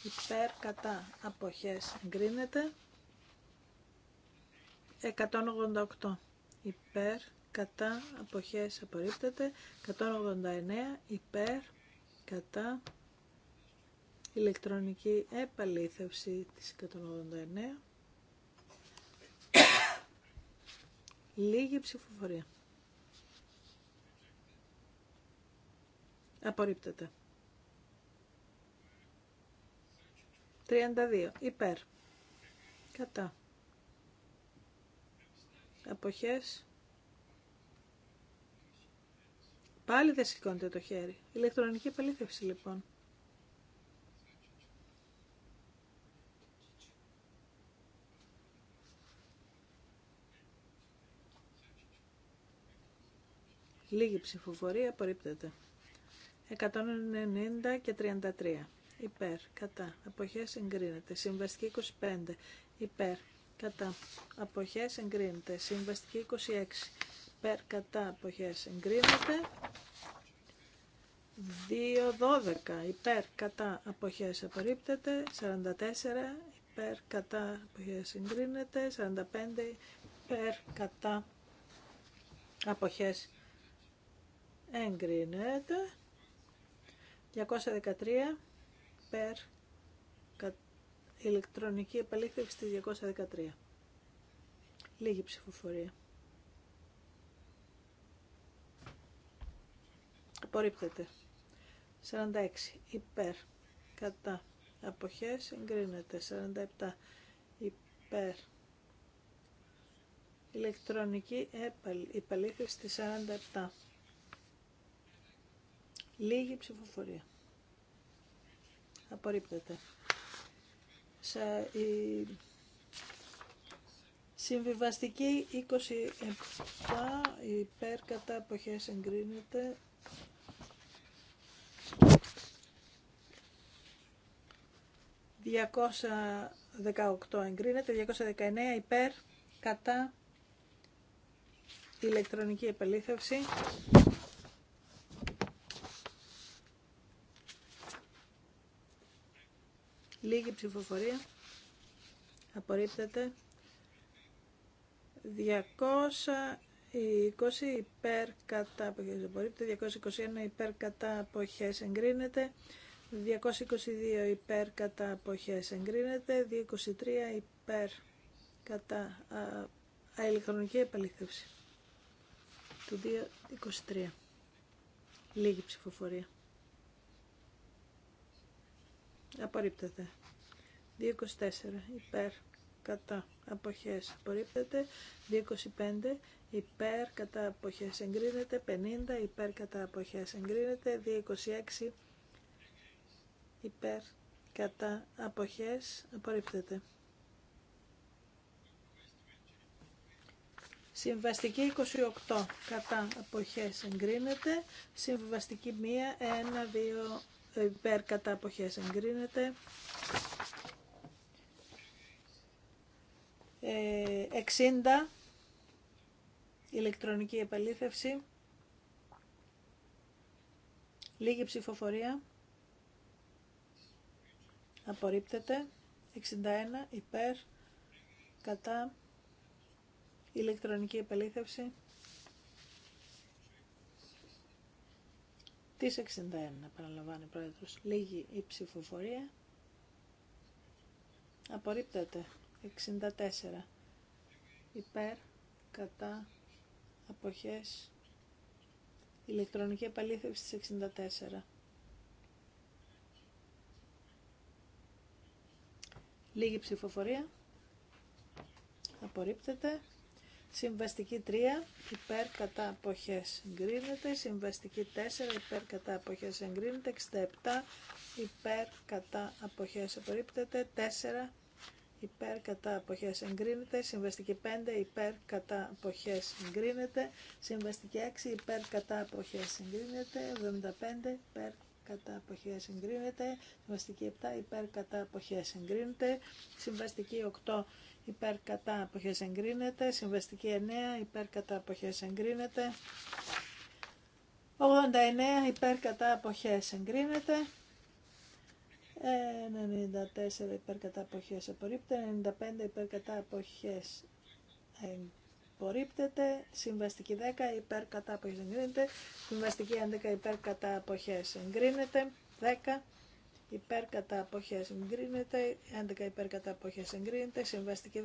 Υπέρ κατά αποχές εγκρίνεται. 188. Υπέρ κατά αποχές απορρίπτεται 189 υπέρ κατά ηλεκτρονική επαλήθευση της 189 λίγη ψηφοφορία απορρίπτεται 32 υπέρ κατά αποχές Πάλι δεν σηκώνεται το χέρι. Ηλεκτρονική επαλήθευση λοιπόν. Λίγη ψηφοφορία απορρίπτεται. 190 και 33. Υπέρ. Κατά. Αποχές εγκρίνεται. Συμβαστική 25. Υπέρ. Κατά. Αποχές εγκρίνεται. Συμβαστική 26. Υπέρ. Κατά. Αποχές εγκρίνεται. 2.12 υπέρ κατά αποχές απορρίπτεται, 44 υπέρ κατά αποχές συγκρίνεται, 45 υπέρ κατά αποχές εγκρίνεται, 213 υπέρ κα, ηλεκτρονική επαλήθευση της 213. Λίγη ψηφοφορία. Απορρίπτεται. 46 υπέρ κατά αποχές εγκρίνεται 47 υπέρ ηλεκτρονική υπαλήθευση 47 λίγη ψηφοφορία απορρίπτεται η συμβιβαστική 27 υπέρ κατά αποχές εγκρίνεται 218 εγκρίνεται, 219 υπέρ, κατά, ηλεκτρονική επελήθευση. Λίγη ψηφοφορία. Απορρίπτεται. 220 υπέρ κατά αποχές απορρίπτεται. 221 υπέρ κατά αποχές εγκρίνεται. 222 υπέρ κατά αποχές εγκρίνεται, 223 υπέρ κατά αελικρονική επαλήθευση του 223. Λίγη ψηφοφορία. Απορρίπτεται. 224 υπέρ κατά αποχές απορρίπτεται, 225 υπέρ κατά αποχές εγκρίνεται, 50 υπέρ κατά αποχές εγκρίνεται, 226 υπέρ κατά αποχές απορρίπτεται. Συμβαστική 28 κατά αποχές εγκρίνεται. Συμβαστική 1, 1, 2 υπέρ κατά αποχές εγκρίνεται. 60 ε, ηλεκτρονική επαλήθευση. Λίγη ψηφοφορία απορρίπτεται 61 υπέρ κατά ηλεκτρονική επελήθευση της 61 παραλαμβάνει πρόεδρος λίγη η ψηφοφορία απορρίπτεται 64 υπέρ κατά αποχές ηλεκτρονική επαλήθευση της 64 Λίγη ψηφοφορία. Απορρίπτεται. Συμβαστική 3 υπέρ κατά αποχές εγκρίνεται. Συμβαστική 4 υπέρ κατά αποχές εγκρίνεται. 67 υπέρ κατά αποχές απορρίπτεται. 4 υπέρ κατά αποχές εγκρίνεται, συμβαστική 5 υπέρ κατά αποχές εγκρίνεται, συμβαστική 6 υπέρ κατά αποχές εγκρίνεται, 75 υπέρ κατά αποχές συγκρίνεται, συμβαστική 7 υπέρ κατά αποχέ εγκρίνεται, συμβαστική 8 υπέρ κατά αποχέ εγκρίνεται, συμβαστική 9 υπέρ κατά αποχέ εγκρίνεται, 89 υπέρ κατά αποχέ εγκρίνεται, 94 ε, υπέρ κατά αποχέ απορρίπτεται, 95 υπέρ κατά αποχέ εγκρίνεται, απορρίπτεται, συμβαστική 10 υπέρ κατά αποχές εγκρίνεται, συμβαστική 11 υπέρ κατά αποχές εγκρίνεται, 10 υπέρ κατά αποχές εγκρίνεται, 11 υπέρ κατά αποχές εγκρίνεται, συμβαστική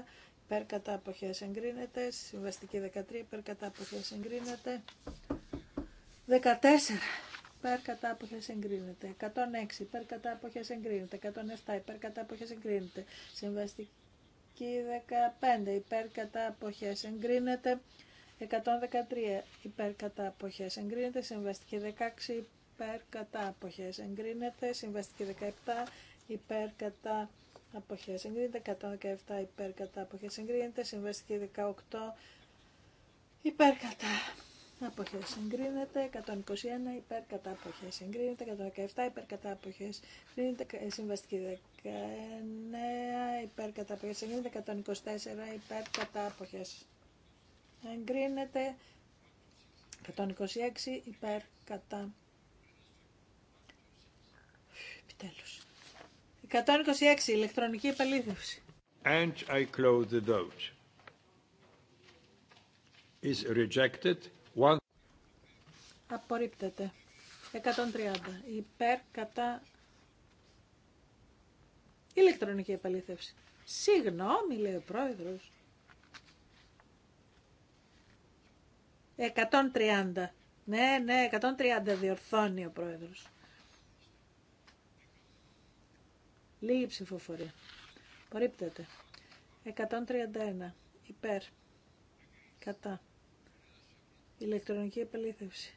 12 υπέρ κατά αποχές εγκρίνεται, συμβαστική 13 υπέρ κατά αποχές εγκρίνεται, 14 υπέρ κατά αποχές εγκρίνεται, 106 υπέρ κατά εγκρίνεται, 107 υπέρ κατά αποχές εγκρίνεται, Συμβαστική 15 υπέρ κατά αποχές εγκρίνεται. 113 υπέρ κατά αποχές εγκρίνεται. Συμβαστική 16 υπέρ κατά αποχές εγκρίνεται. Συμβαστική 17 υπέρ κατά αποχές εγκρίνεται. 117 υπέρ κατά αποχές εγκρίνεται. Συμβαστική 18 υπέρ κατά αποχές εγκρίνεται, 121 υπέρ κατά αποχές εγκρίνεται, 117 υπέρ κατά αποχές εγκρίνεται, ε, συμβαστική 19 υπέρ κατά αποχές εγκρίνεται, 124 υπέρ κατά αποχές εγκρίνεται, 126 υπέρ κατά Επιτέλους. 126 ηλεκτρονική επαλήθευση. And I close the vote. Is rejected. One... Απορρίπτεται. 130. Υπέρ κατά ηλεκτρονική επαλήθευση. Συγγνώμη, λέει ο πρόεδρος. 130. Ναι, ναι, 130 διορθώνει ο πρόεδρος. Λίγη ψηφοφορία. Απορρίπτεται. 131. Υπέρ. Κατά. Ηλεκτρονική επαλήθευση.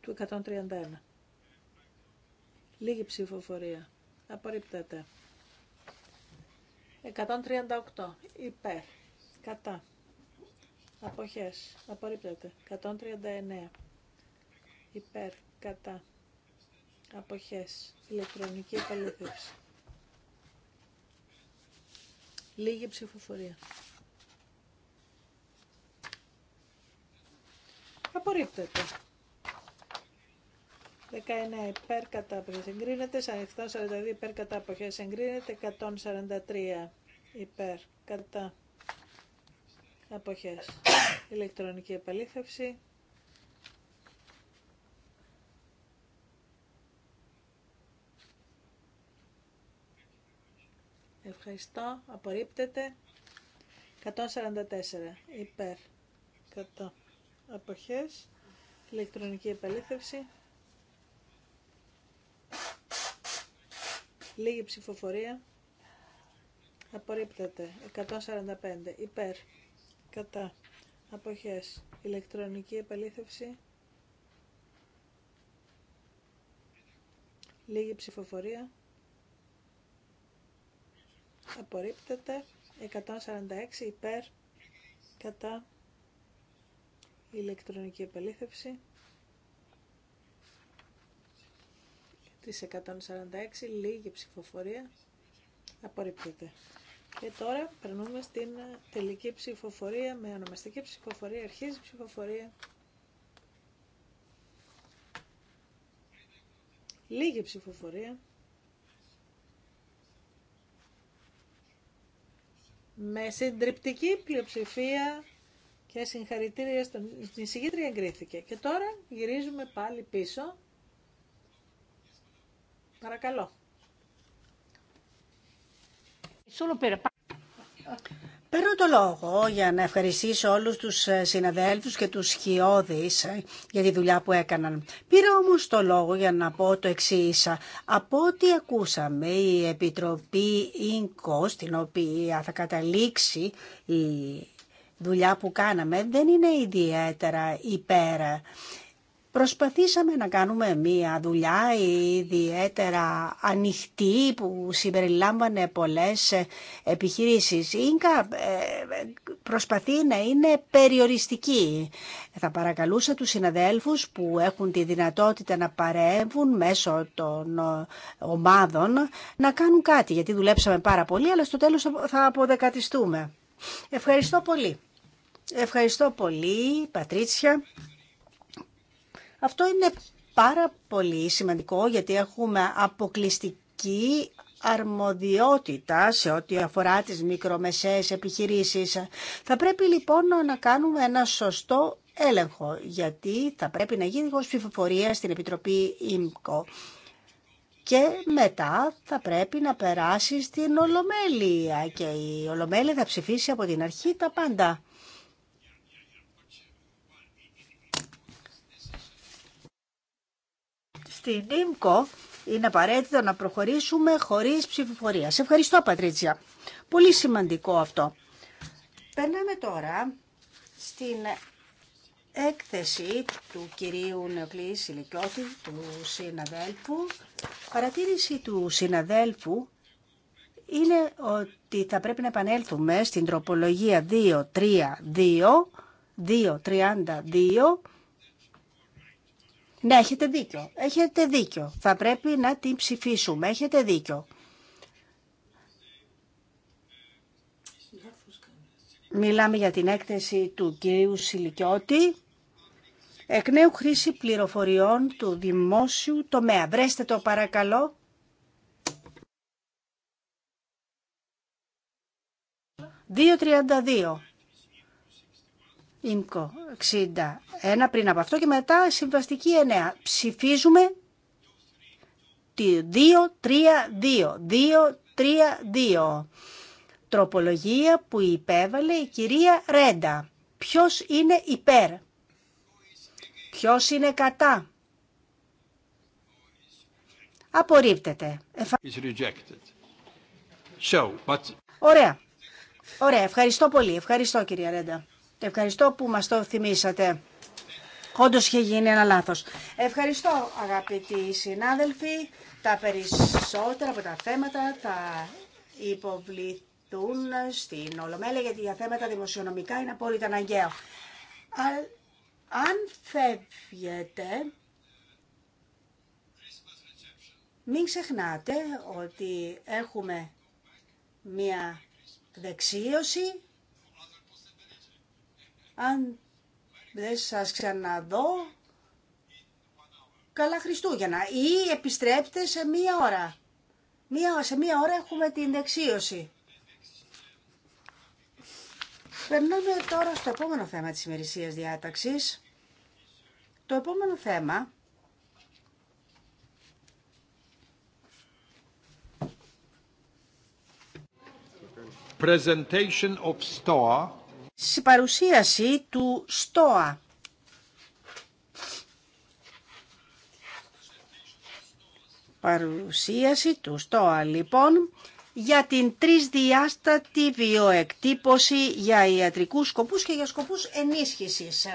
Του 131. Λίγη ψηφοφορία. Απορρίπτεται. 138. Υπέρ. Κατά. Αποχές. Απορρίπτεται. 139. Υπέρ. Κατά. Αποχές. Ηλεκτρονική επαλήθευση. Λίγη ψηφοφορία. Απορρίπτεται. 19 υπέρ κατά αποχές εγκρίνεται, 42 υπέρ κατά αποχές εγκρίνεται, 143 υπέρ κατά αποχές. Ηλεκτρονική επαλήθευση. Ευχαριστώ. Απορρίπτεται. 144. Υπέρ. Κατά. Αποχές. Ηλεκτρονική επαλήθευση. Λίγη ψηφοφορία. Απορρίπτεται. 145. Υπέρ. Κατά. Αποχές. Ηλεκτρονική επαλήθευση. Λίγη ψηφοφορία απορρίπτεται 146 υπέρ κατά ηλεκτρονική επαλήθευση της 146 λίγη ψηφοφορία απορρίπτεται και τώρα περνούμε στην ε, τελική ψηφοφορία με ονομαστική ψηφοφορία αρχίζει η ψηφοφορία λίγη ψηφοφορία με συντριπτική πλειοψηφία και συγχαρητήρια στην συγκίτρια εγκρίθηκε. Και τώρα γυρίζουμε πάλι πίσω. Παρακαλώ. Παίρνω το λόγο για να ευχαριστήσω όλους τους ε, συναδέλφους και τους χιώδεις ε, για τη δουλειά που έκαναν. Πήρα όμως το λόγο για να πω το εξή. Από ό,τι ακούσαμε η Επιτροπή ΙΝΚΟ, στην οποία θα καταλήξει η δουλειά που κάναμε, δεν είναι ιδιαίτερα υπέρα Προσπαθήσαμε να κάνουμε μία δουλειά ιδιαίτερα ανοιχτή που συμπεριλάμβανε πολλές ε, επιχειρήσεις. Η Ίνκα ε, προσπαθεί να είναι περιοριστική. Θα παρακαλούσα τους συναδέλφους που έχουν τη δυνατότητα να παρέμβουν μέσω των ε, ομάδων να κάνουν κάτι γιατί δουλέψαμε πάρα πολύ αλλά στο τέλος θα αποδεκατιστούμε. Ευχαριστώ πολύ. Ευχαριστώ πολύ Πατρίτσια. Αυτό είναι πάρα πολύ σημαντικό γιατί έχουμε αποκλειστική αρμοδιότητα σε ό,τι αφορά τις μικρομεσαίες επιχειρήσεις. Θα πρέπει λοιπόν να κάνουμε ένα σωστό έλεγχο γιατί θα πρέπει να γίνει ως ψηφοφορία στην Επιτροπή ΙΜΚΟ και μετά θα πρέπει να περάσει στην Ολομέλεια και η Ολομέλεια θα ψηφίσει από την αρχή τα πάντα. στην ΙΜΚΟ είναι απαραίτητο να προχωρήσουμε χωρίς ψηφοφορία. Σε ευχαριστώ Πατρίτσια. Πολύ σημαντικό αυτό. Περνάμε τώρα στην έκθεση του κυρίου Νεοκλή Σιλικιώτη, του συναδέλφου. Παρατήρηση του συναδέλφου είναι ότι θα πρέπει να επανέλθουμε στην τροπολογία 2.32, 2.32, ναι, έχετε δίκιο. Έχετε δίκιο. Θα πρέπει να την ψηφίσουμε. Έχετε δίκιο. Μιλάμε για την έκθεση του κυρίου Σιλικιώτη. Εκ νέου χρήση πληροφοριών του δημόσιου τομέα. Βρέστε το παρακαλώ. «2.32 ΙΜΚΟ 61 πριν από αυτό και μετά συμβαστική 9. Ψηφίζουμε τη 2-3-2. 2-3-2. Τροπολογία που υπέβαλε η κυρία Ρέντα. Ποιος είναι υπέρ. Ποιος είναι κατά. Απορρίπτεται. Ωραία. Ωραία. Ευχαριστώ πολύ. Ευχαριστώ κυρία Ρέντα ευχαριστώ που μας το θυμήσατε. Όντω είχε γίνει ένα λάθος. Ευχαριστώ αγαπητοί συνάδελφοι. Τα περισσότερα από τα θέματα θα υποβληθούν στην Ολομέλεια γιατί για θέματα δημοσιονομικά είναι απόλυτα αναγκαίο. Α, αν φεύγετε, μην ξεχνάτε ότι έχουμε μία δεξίωση αν δεν σας ξαναδώ, καλά Χριστούγεννα. Ή επιστρέψτε σε μία ώρα. Μία, σε μία ώρα έχουμε την δεξίωση. Περνάμε τώρα στο επόμενο θέμα της ημερησίας διάταξης. Το επόμενο θέμα Presentation of store στη παρουσίαση του ΣΤΟΑ. Παρουσίαση του ΣΤΟΑ λοιπόν για την τρισδιάστατη βιοεκτύπωση για ιατρικούς σκοπούς και για σκοπούς ενίσχυσης.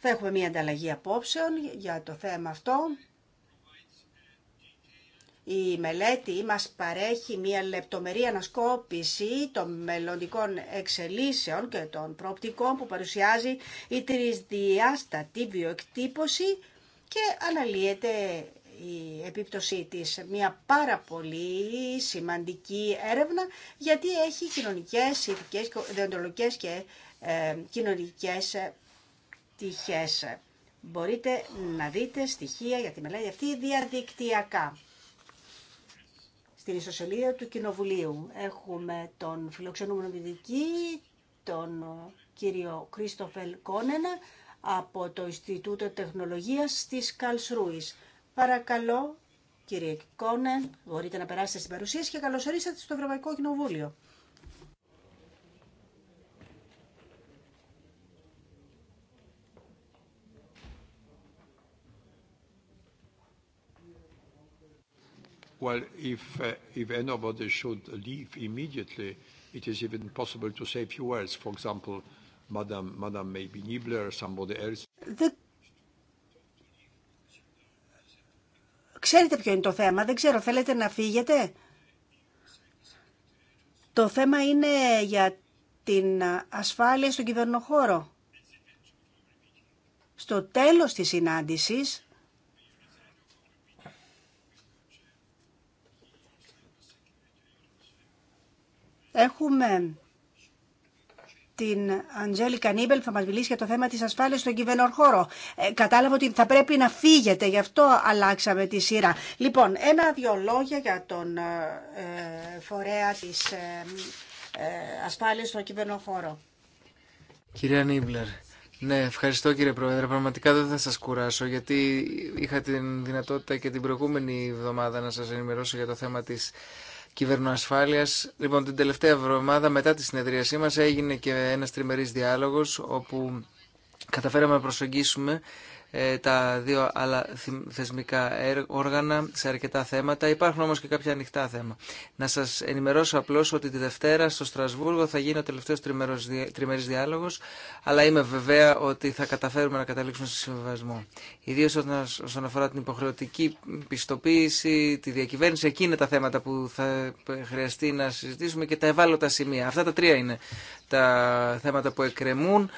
Θα έχουμε μια ανταλλαγή απόψεων για το θέμα αυτό. Η μελέτη μας παρέχει μια λεπτομερή ανασκόπηση των μελλοντικών εξελίσεων και των προοπτικών που παρουσιάζει η τρισδιάστατη βιοεκτύπωση και αναλύεται η επίπτωσή της. Μια πάρα πολύ σημαντική έρευνα γιατί έχει κοινωνικές, ειδικές, δεοντολογικές και ε, κοινωνικές τυχές. Μπορείτε να δείτε στοιχεία για τη μελέτη αυτή διαδικτυακά στην ισοσελίδα του Κοινοβουλίου. Έχουμε τον φιλοξενούμενο διδική, τον κύριο Κρίστοφελ Κόνενα από το Ινστιτούτο Τεχνολογίας της Καλσρούης. Παρακαλώ, κύριε Κόνεν, μπορείτε να περάσετε στην παρουσίαση και καλώς ορίσατε στο Ευρωπαϊκό Κοινοβούλιο. Well, if if anybody should leave immediately, it is even possible to say few words. For example, Madam Madam maybe Niebler or somebody else. Ξέρετε ποιο είναι το θέμα. Δεν ξέρω. Θέλετε να φύγετε. Το θέμα είναι για την ασφάλεια στον κυβερνοχώρο. Στο τέλος της συνάντησης Έχουμε την Αντζέλικα Κανίμπελ που θα μας μιλήσει για το θέμα της ασφάλειας στον κυβερνοχώρο. Ε, κατάλαβα ότι θα πρέπει να φύγετε, γι' αυτό αλλάξαμε τη σειρά. Λοιπόν, ένα-δυο λόγια για τον ε, ε, φορέα της ε, ε, ασφάλειας στον κυβερνοχώρο. Κυρία Νίμπλερ, ναι, ευχαριστώ κύριε Πρόεδρε. Πραγματικά δεν θα σας κουράσω γιατί είχα την δυνατότητα και την προηγούμενη εβδομάδα να σας ενημερώσω για το θέμα της κυβερνοασφάλεια. Λοιπόν, την τελευταία εβδομάδα μετά τη συνεδρίασή μα, έγινε και ένα τριμερή διάλογο όπου καταφέραμε να προσεγγίσουμε ε, τα δύο άλλα θεσμικά όργανα σε αρκετά θέματα. Υπάρχουν όμως και κάποια ανοιχτά θέματα. Να σας ενημερώσω απλώς ότι τη Δευτέρα στο Στρασβούργο θα γίνει ο τελευταίος τριμερής διάλογος, αλλά είμαι βεβαία ότι θα καταφέρουμε να καταλήξουμε σε συμβιβασμό. Ιδίως όσον αφορά την υποχρεωτική πιστοποίηση, τη διακυβέρνηση, εκεί είναι τα θέματα που θα χρειαστεί να συζητήσουμε και τα ευάλωτα σημεία. Αυτά τα τρία είναι τα θέματα που εκκρεμούν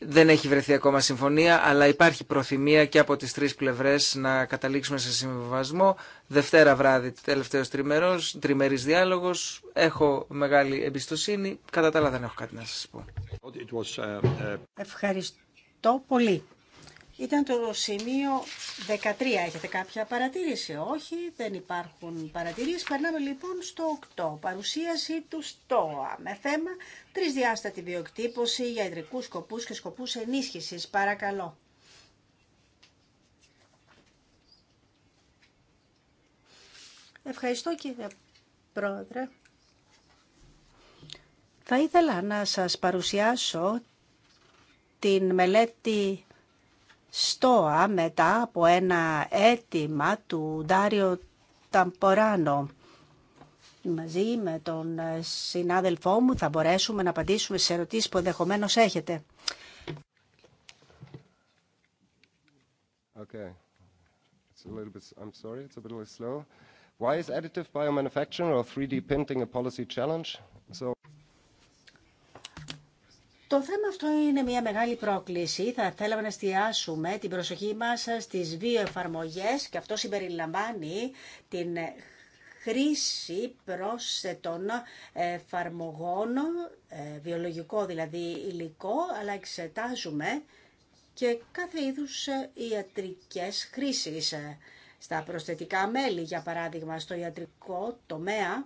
δεν έχει βρεθεί ακόμα συμφωνία, αλλά υπάρχει προθυμία και από τις τρεις πλευρές να καταλήξουμε σε συμβιβασμό. Δευτέρα βράδυ, τελευταίος τριμερός, τριμερής διάλογος. Έχω μεγάλη εμπιστοσύνη. Κατά τα άλλα δεν έχω κάτι να σας πω. Uh, uh, Ευχαριστώ πολύ ήταν το σημείο 13. Έχετε κάποια παρατήρηση. Όχι, δεν υπάρχουν παρατηρήσεις. Περνάμε λοιπόν στο 8. Παρουσίαση του ΣΤΟΑ με θέμα τρισδιάστατη βιοκτύπωση για ιδρικούς σκοπούς και σκοπούς ενίσχυσης. Παρακαλώ. Ευχαριστώ κύριε Πρόεδρε. Θα ήθελα να σας παρουσιάσω την μελέτη στόα μετά από ένα αίτημα του Ντάριο Ταμποράνο. Μαζί με τον ε, συνάδελφό μου θα μπορέσουμε να απαντήσουμε σε ερωτήσεις που ενδεχομένω έχετε. Okay. It's a little bit, I'm sorry, it's a bit slow. Why is additive biomanufacturing or 3D printing a policy challenge? Το θέμα αυτό είναι μια μεγάλη πρόκληση. Θα θέλαμε να εστιάσουμε την προσοχή μας στις δύο και αυτό συμπεριλαμβάνει την χρήση πρόσθετων εφαρμογών, ε, βιολογικό δηλαδή υλικό, αλλά εξετάζουμε και κάθε είδους ε, ιατρικές χρήσεις. Ε, στα προσθετικά μέλη, για παράδειγμα, στο ιατρικό τομέα,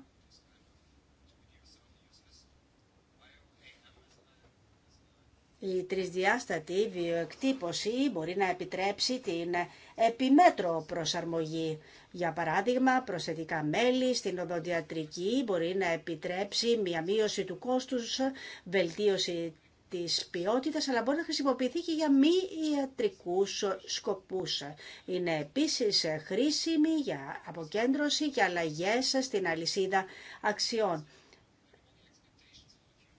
Η τρισδιάστατη βιοεκτύπωση μπορεί να επιτρέψει την επιμέτρο προσαρμογή. Για παράδειγμα, προσθετικά μέλη στην οδοντιατρική μπορεί να επιτρέψει μια μείωση του κόστους, βελτίωση της ποιότητας, αλλά μπορεί να χρησιμοποιηθεί και για μη ιατρικούς σκοπούς. Είναι επίσης χρήσιμη για αποκέντρωση και αλλαγές στην αλυσίδα αξιών.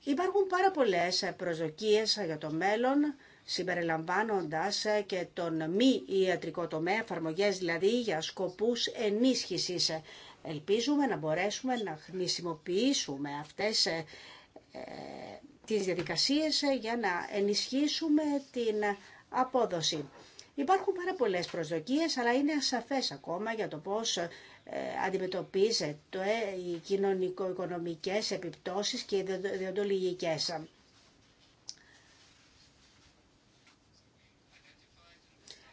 Υπάρχουν πάρα πολλές προσδοκίες για το μέλλον, συμπεριλαμβάνοντας ε, και τον μη ιατρικό τομέα, εφαρμογέ δηλαδή για σκοπούς ενίσχυσης. Ελπίζουμε να μπορέσουμε να χρησιμοποιήσουμε αυτές ε, ε τις διαδικασίες ε, για να ενισχύσουμε την απόδοση. Υπάρχουν πάρα πολλές προσδοκίες, αλλά είναι ασαφές ακόμα για το πώς ε, αντιμετωπίζεται ε, οι κοινωνικο-οικονομικές επιπτώσεις και οι διοντολογικές.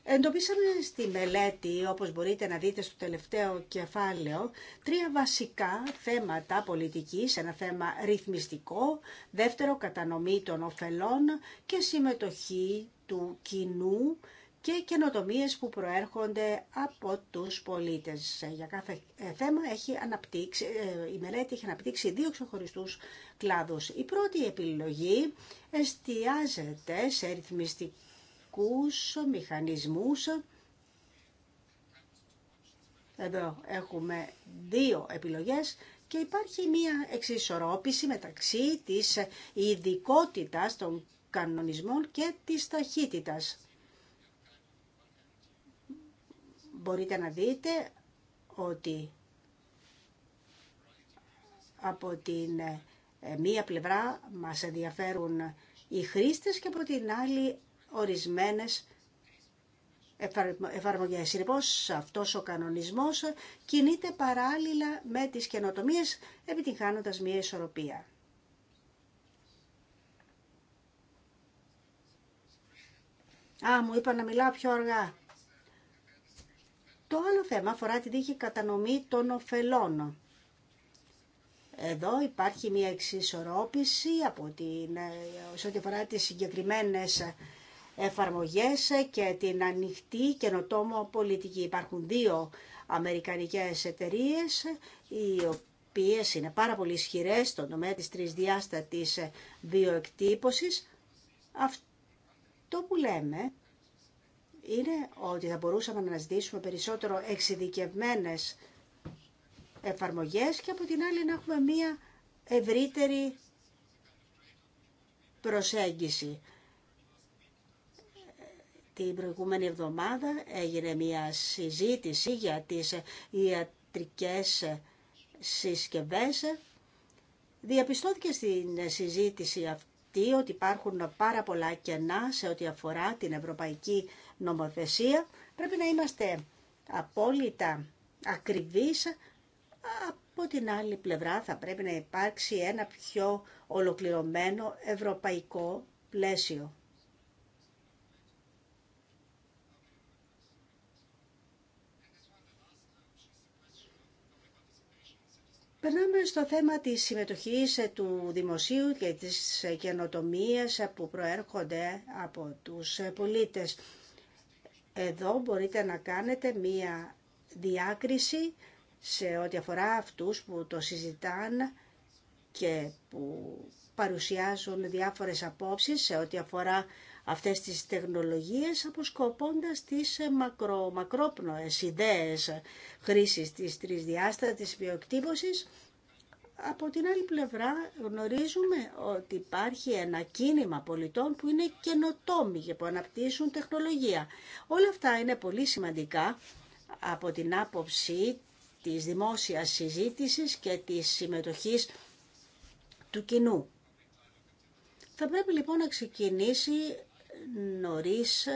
Εντοπίσαμε στη μελέτη, όπως μπορείτε να δείτε στο τελευταίο κεφάλαιο, τρία βασικά θέματα πολιτικής, ένα θέμα ρυθμιστικό, δεύτερο κατανομή των ωφελών και συμμετοχή του κοινού και καινοτομίε που προέρχονται από τους πολίτες. Για κάθε ε, θέμα έχει αναπτύξει, ε, η μελέτη έχει αναπτύξει δύο ξεχωριστού. κλάδους. Η πρώτη επιλογή εστιάζεται σε ρυθμιστικούς μηχανισμούς. Εδώ έχουμε δύο επιλογές και υπάρχει μία εξισορρόπηση μεταξύ της ειδικότητα των κανονισμών και της ταχύτητας. μπορείτε να δείτε ότι από την ε, μία πλευρά μας ενδιαφέρουν οι χρήστες και από την άλλη ορισμένες εφαρμογές. Λοιπόν, αυτός ο κανονισμός κινείται παράλληλα με τις καινοτομίες επιτυγχάνοντας μία ισορροπία. Α, μου είπα να μιλάω πιο αργά. Το άλλο θέμα αφορά την τύχη κατανομή των ωφελών. Εδώ υπάρχει μια εξισορρόπηση από την, ε, σε ό,τι αφορά τις συγκεκριμένες εφαρμογές και την ανοιχτή καινοτόμο πολιτική. Υπάρχουν δύο αμερικανικές εταιρείες, οι οποίες είναι πάρα πολύ ισχυρέ στον τομέα της τρισδιάστατης βιοεκτύπωσης. Αυτό που λέμε είναι ότι θα μπορούσαμε να αναζητήσουμε περισσότερο εξειδικευμένες εφαρμογές και από την άλλη να έχουμε μία ευρύτερη προσέγγιση. Την προηγούμενη εβδομάδα έγινε μία συζήτηση για τις ιατρικές συσκευές. Διαπιστώθηκε στην συζήτηση αυτή ότι υπάρχουν πάρα πολλά κενά σε ό,τι αφορά την ευρωπαϊκή νομοθεσία, πρέπει να είμαστε απόλυτα ακριβείς. Από την άλλη πλευρά θα πρέπει να υπάρξει ένα πιο ολοκληρωμένο ευρωπαϊκό πλαίσιο. Περνάμε στο θέμα της συμμετοχής ε, του δημοσίου και της καινοτομίας ε, που προέρχονται από τους ε, πολίτες. Εδώ μπορείτε να κάνετε μία διάκριση σε ό,τι αφορά αυτούς που το συζητάν και που παρουσιάζουν διάφορες απόψεις σε ό,τι αφορά αυτές τις τεχνολογίες αποσκοπώντας τις μακρο, μακρόπνοες ιδέες χρήσης της τρισδιάστατης βιοκτήμωσης από την άλλη πλευρά γνωρίζουμε ότι υπάρχει ένα κίνημα πολιτών που είναι καινοτόμοι και που αναπτύσσουν τεχνολογία. Όλα αυτά είναι πολύ σημαντικά από την άποψη της δημόσιας συζήτησης και της συμμετοχής του κοινού. Θα πρέπει λοιπόν να ξεκινήσει νωρίς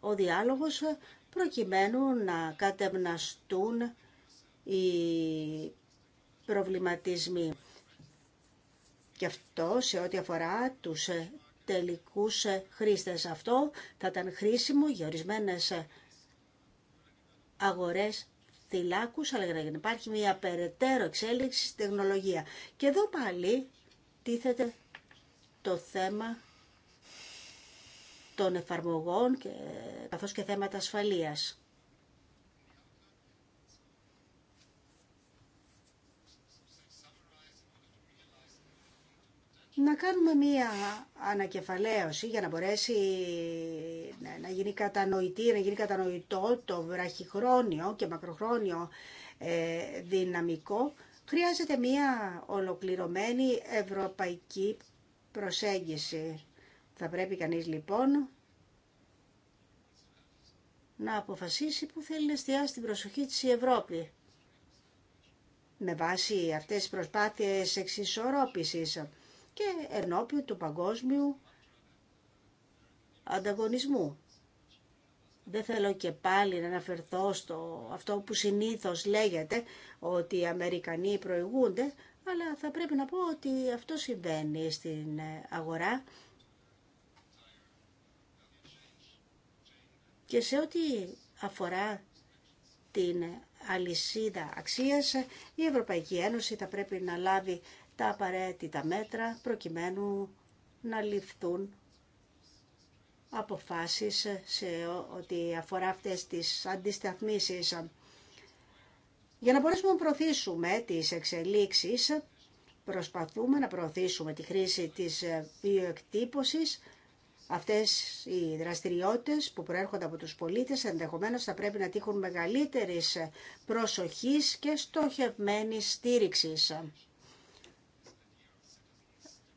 ο διάλογος προκειμένου να κατευναστούν οι προβληματισμοί. Και αυτό σε ό,τι αφορά τους τελικούς χρήστες. Αυτό θα ήταν χρήσιμο για ορισμένες αγορές θυλάκους, αλλά για να υπάρχει μια περαιτέρω εξέλιξη στην τεχνολογία. Και εδώ πάλι τίθεται το θέμα των εφαρμογών και, καθώς και θέματα ασφαλείας. να κάνουμε μία ανακεφαλαίωση για να μπορέσει να γίνει κατανοητή, να γίνει κατανοητό το βραχυχρόνιο και μακροχρόνιο ε, δυναμικό, χρειάζεται μία ολοκληρωμένη ευρωπαϊκή προσέγγιση. Θα πρέπει κανείς λοιπόν να αποφασίσει που θέλει να εστιάσει την προσοχή της η Ευρώπη με βάση αυτές τις προσπάθειες εξισορρόπησης και ενώπιον του παγκόσμιου ανταγωνισμού. Δεν θέλω και πάλι να αναφερθώ στο αυτό που συνήθως λέγεται ότι οι Αμερικανοί προηγούνται, αλλά θα πρέπει να πω ότι αυτό συμβαίνει στην αγορά και σε ό,τι αφορά την αλυσίδα αξίας, η Ευρωπαϊκή Ένωση θα πρέπει να λάβει τα απαραίτητα μέτρα προκειμένου να ληφθούν αποφάσεις σε ό,τι αφορά αυτές τις αντισταθμίσεις. Για να μπορέσουμε να προωθήσουμε τις εξελίξεις, προσπαθούμε να προωθήσουμε τη χρήση της βιοεκτύπωσης. Αυτές οι δραστηριότητες που προέρχονται από τους πολίτες ενδεχομένως θα πρέπει να τύχουν μεγαλύτερης προσοχής και στοχευμένης στήριξης.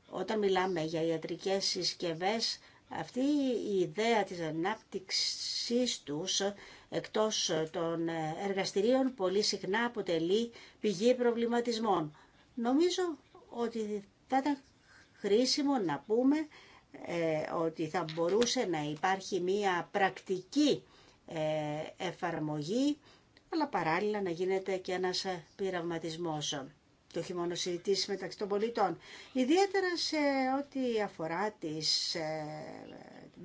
Όταν μιλάμε για ιατρικές συσκευές, αυτή η ιδέα της ανάπτυξής τους εκτός των εργαστηρίων πολύ συχνά αποτελεί πηγή προβληματισμών. Νομίζω ότι θα ήταν χρήσιμο να πούμε ε, ότι θα μπορούσε να υπάρχει μία πρακτική ε, εφαρμογή αλλά παράλληλα να γίνεται και ένας πειραματισμός του χειμώνα συζητήσει μεταξύ των πολιτών. Ιδιαίτερα σε ό,τι αφορά τη ε,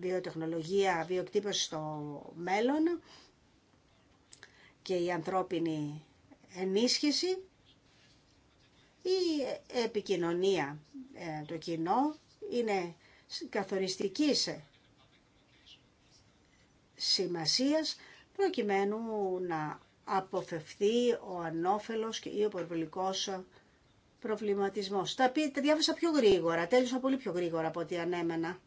βιοτεχνολογία, βιοκτύπωση στο μέλλον και η ανθρώπινη ενίσχυση, η επικοινωνία, ε, το κοινό είναι σε σημασίας προκειμένου να αποφευθεί ο ανώφελος και ή ο προβληματισμός. Τα, τα διάβασα πιο γρήγορα, τέλειωσα πολύ πιο γρήγορα από ό,τι ανέμενα.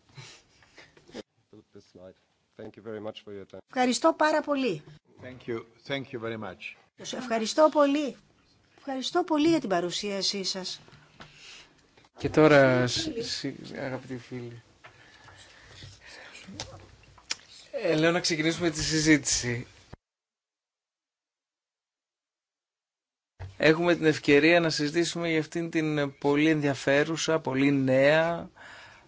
Ευχαριστώ πάρα πολύ. Thank you. Thank you very much. Ευχαριστώ πολύ. Ευχαριστώ πολύ για την παρουσίασή σας. Και τώρα, αγαπητοί φίλοι, ε, λέω να ξεκινήσουμε τη συζήτηση. έχουμε την ευκαιρία να συζητήσουμε για αυτήν την πολύ ενδιαφέρουσα, πολύ νέα,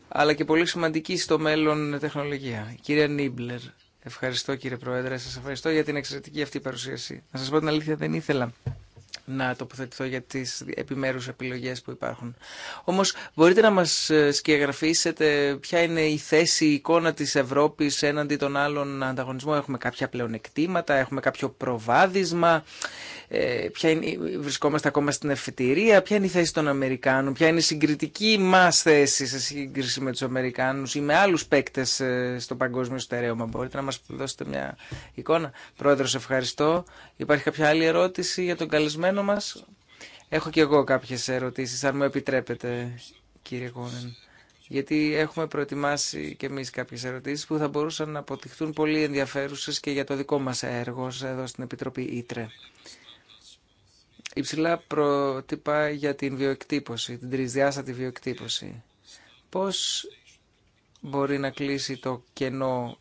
αλλά και πολύ σημαντική στο μέλλον τεχνολογία. Κύριε Νίμπλερ, ευχαριστώ κύριε Πρόεδρε, σας ευχαριστώ για την εξαιρετική αυτή παρουσίαση. Να σας πω την αλήθεια, δεν ήθελα να τοποθετηθώ για τι επιμέρου επιλογέ που υπάρχουν. Όμω, μπορείτε να μα ε, σκιαγραφίσετε ποια είναι η θέση, η εικόνα της Ευρώπης έναντι των άλλων ανταγωνισμών. Έχουμε κάποια πλεονεκτήματα, έχουμε κάποιο προβάδισμα, ε, ποια είναι, βρισκόμαστε ακόμα στην εφετηρία, ποια είναι η θέση των Αμερικάνων, ποια είναι η συγκριτική μα θέση σε σύγκριση με του Αμερικάνου ή με άλλου παίκτε ε, στο παγκόσμιο στερέωμα. Μπορείτε να μα δώσετε μια εικόνα. Πρόεδρο ευχαριστώ. Υπάρχει κάποια άλλη ερώτηση για τον καλεσμένο κείμενο μας. Έχω και εγώ κάποιες ερωτήσεις, αν μου επιτρέπετε, κύριε Γόνεν, Γιατί έχουμε προετοιμάσει και εμείς κάποιες ερωτήσεις που θα μπορούσαν να αποτυχθούν πολύ ενδιαφέρουσες και για το δικό μας έργο εδώ στην Επιτροπή Ήτρε. Υψηλά πρότυπα για την βιοεκτύπωση, την τρισδιάστατη βιοεκτύπωση. Πώς μπορεί να κλείσει το κενό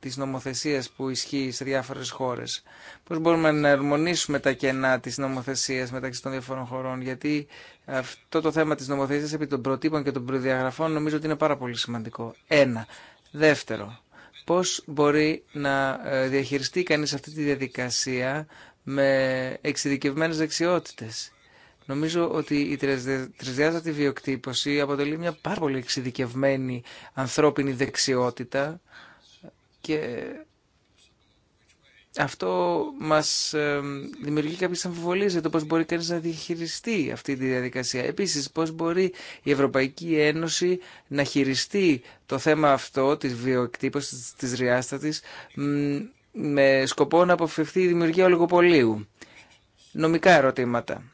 της νομοθεσίας που ισχύει σε διάφορες χώρες. Πώς μπορούμε να ερμονίσουμε τα κενά της νομοθεσίας μεταξύ των διαφορών χωρών, γιατί αυτό το θέμα της νομοθεσίας επί των προτύπων και των προδιαγραφών νομίζω ότι είναι πάρα πολύ σημαντικό. Ένα. Δεύτερο, πώς μπορεί να ε, διαχειριστεί κανείς αυτή τη διαδικασία με εξειδικευμένες δεξιότητες. Νομίζω ότι η τρισδιάστατη βιοκτύπωση αποτελεί μια πάρα πολύ εξειδικευμένη ανθρώπινη δεξιότητα και αυτό μας ε, δημιουργεί κάποιες αμφιβολίες για το πώς μπορεί κανείς να διαχειριστεί αυτή τη διαδικασία. Επίσης, πώς μπορεί η Ευρωπαϊκή Ένωση να χειριστεί το θέμα αυτό της βιοεκτύπωσης της ριάστατης με σκοπό να αποφευθεί η δημιουργία ολιγοπολίου. Νομικά ερωτήματα.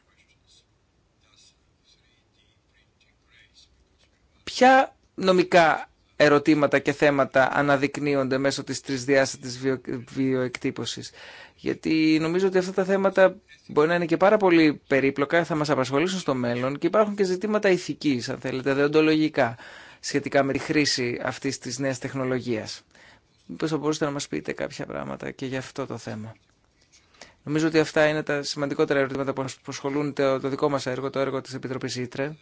Ποια νομικά ερωτήματα και θέματα αναδεικνύονται μέσω της τρισδιάστατης βιο, βιοεκτύπωσης. Γιατί νομίζω ότι αυτά τα θέματα μπορεί να είναι και πάρα πολύ περίπλοκα, θα μας απασχολήσουν στο μέλλον και υπάρχουν και ζητήματα ηθικής, αν θέλετε, δεοντολογικά, σχετικά με τη χρήση αυτής της νέας τεχνολογίας. Μήπως θα μπορούσατε να μας πείτε κάποια πράγματα και για αυτό το θέμα. Νομίζω ότι αυτά είναι τα σημαντικότερα ερωτήματα που ασχολούν το, το δικό μας έργο, το έργο της Επιτροπής Ήτρε.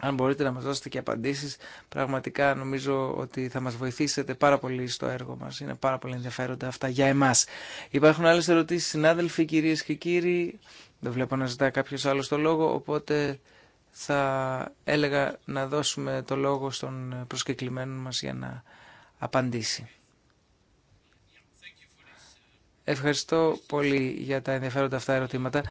Αν μπορείτε να μας δώσετε και απαντήσεις, πραγματικά νομίζω ότι θα μας βοηθήσετε πάρα πολύ στο έργο μας. Είναι πάρα πολύ ενδιαφέροντα αυτά για εμάς. Υπάρχουν άλλες ερωτήσεις, συνάδελφοι, κυρίες και κύριοι. Δεν βλέπω να ζητά κάποιος άλλος το λόγο, οπότε θα έλεγα να δώσουμε το λόγο στον προσκεκλημένο μας για να απαντήσει. Ευχαριστώ πολύ για τα ενδιαφέροντα αυτά ερωτήματα.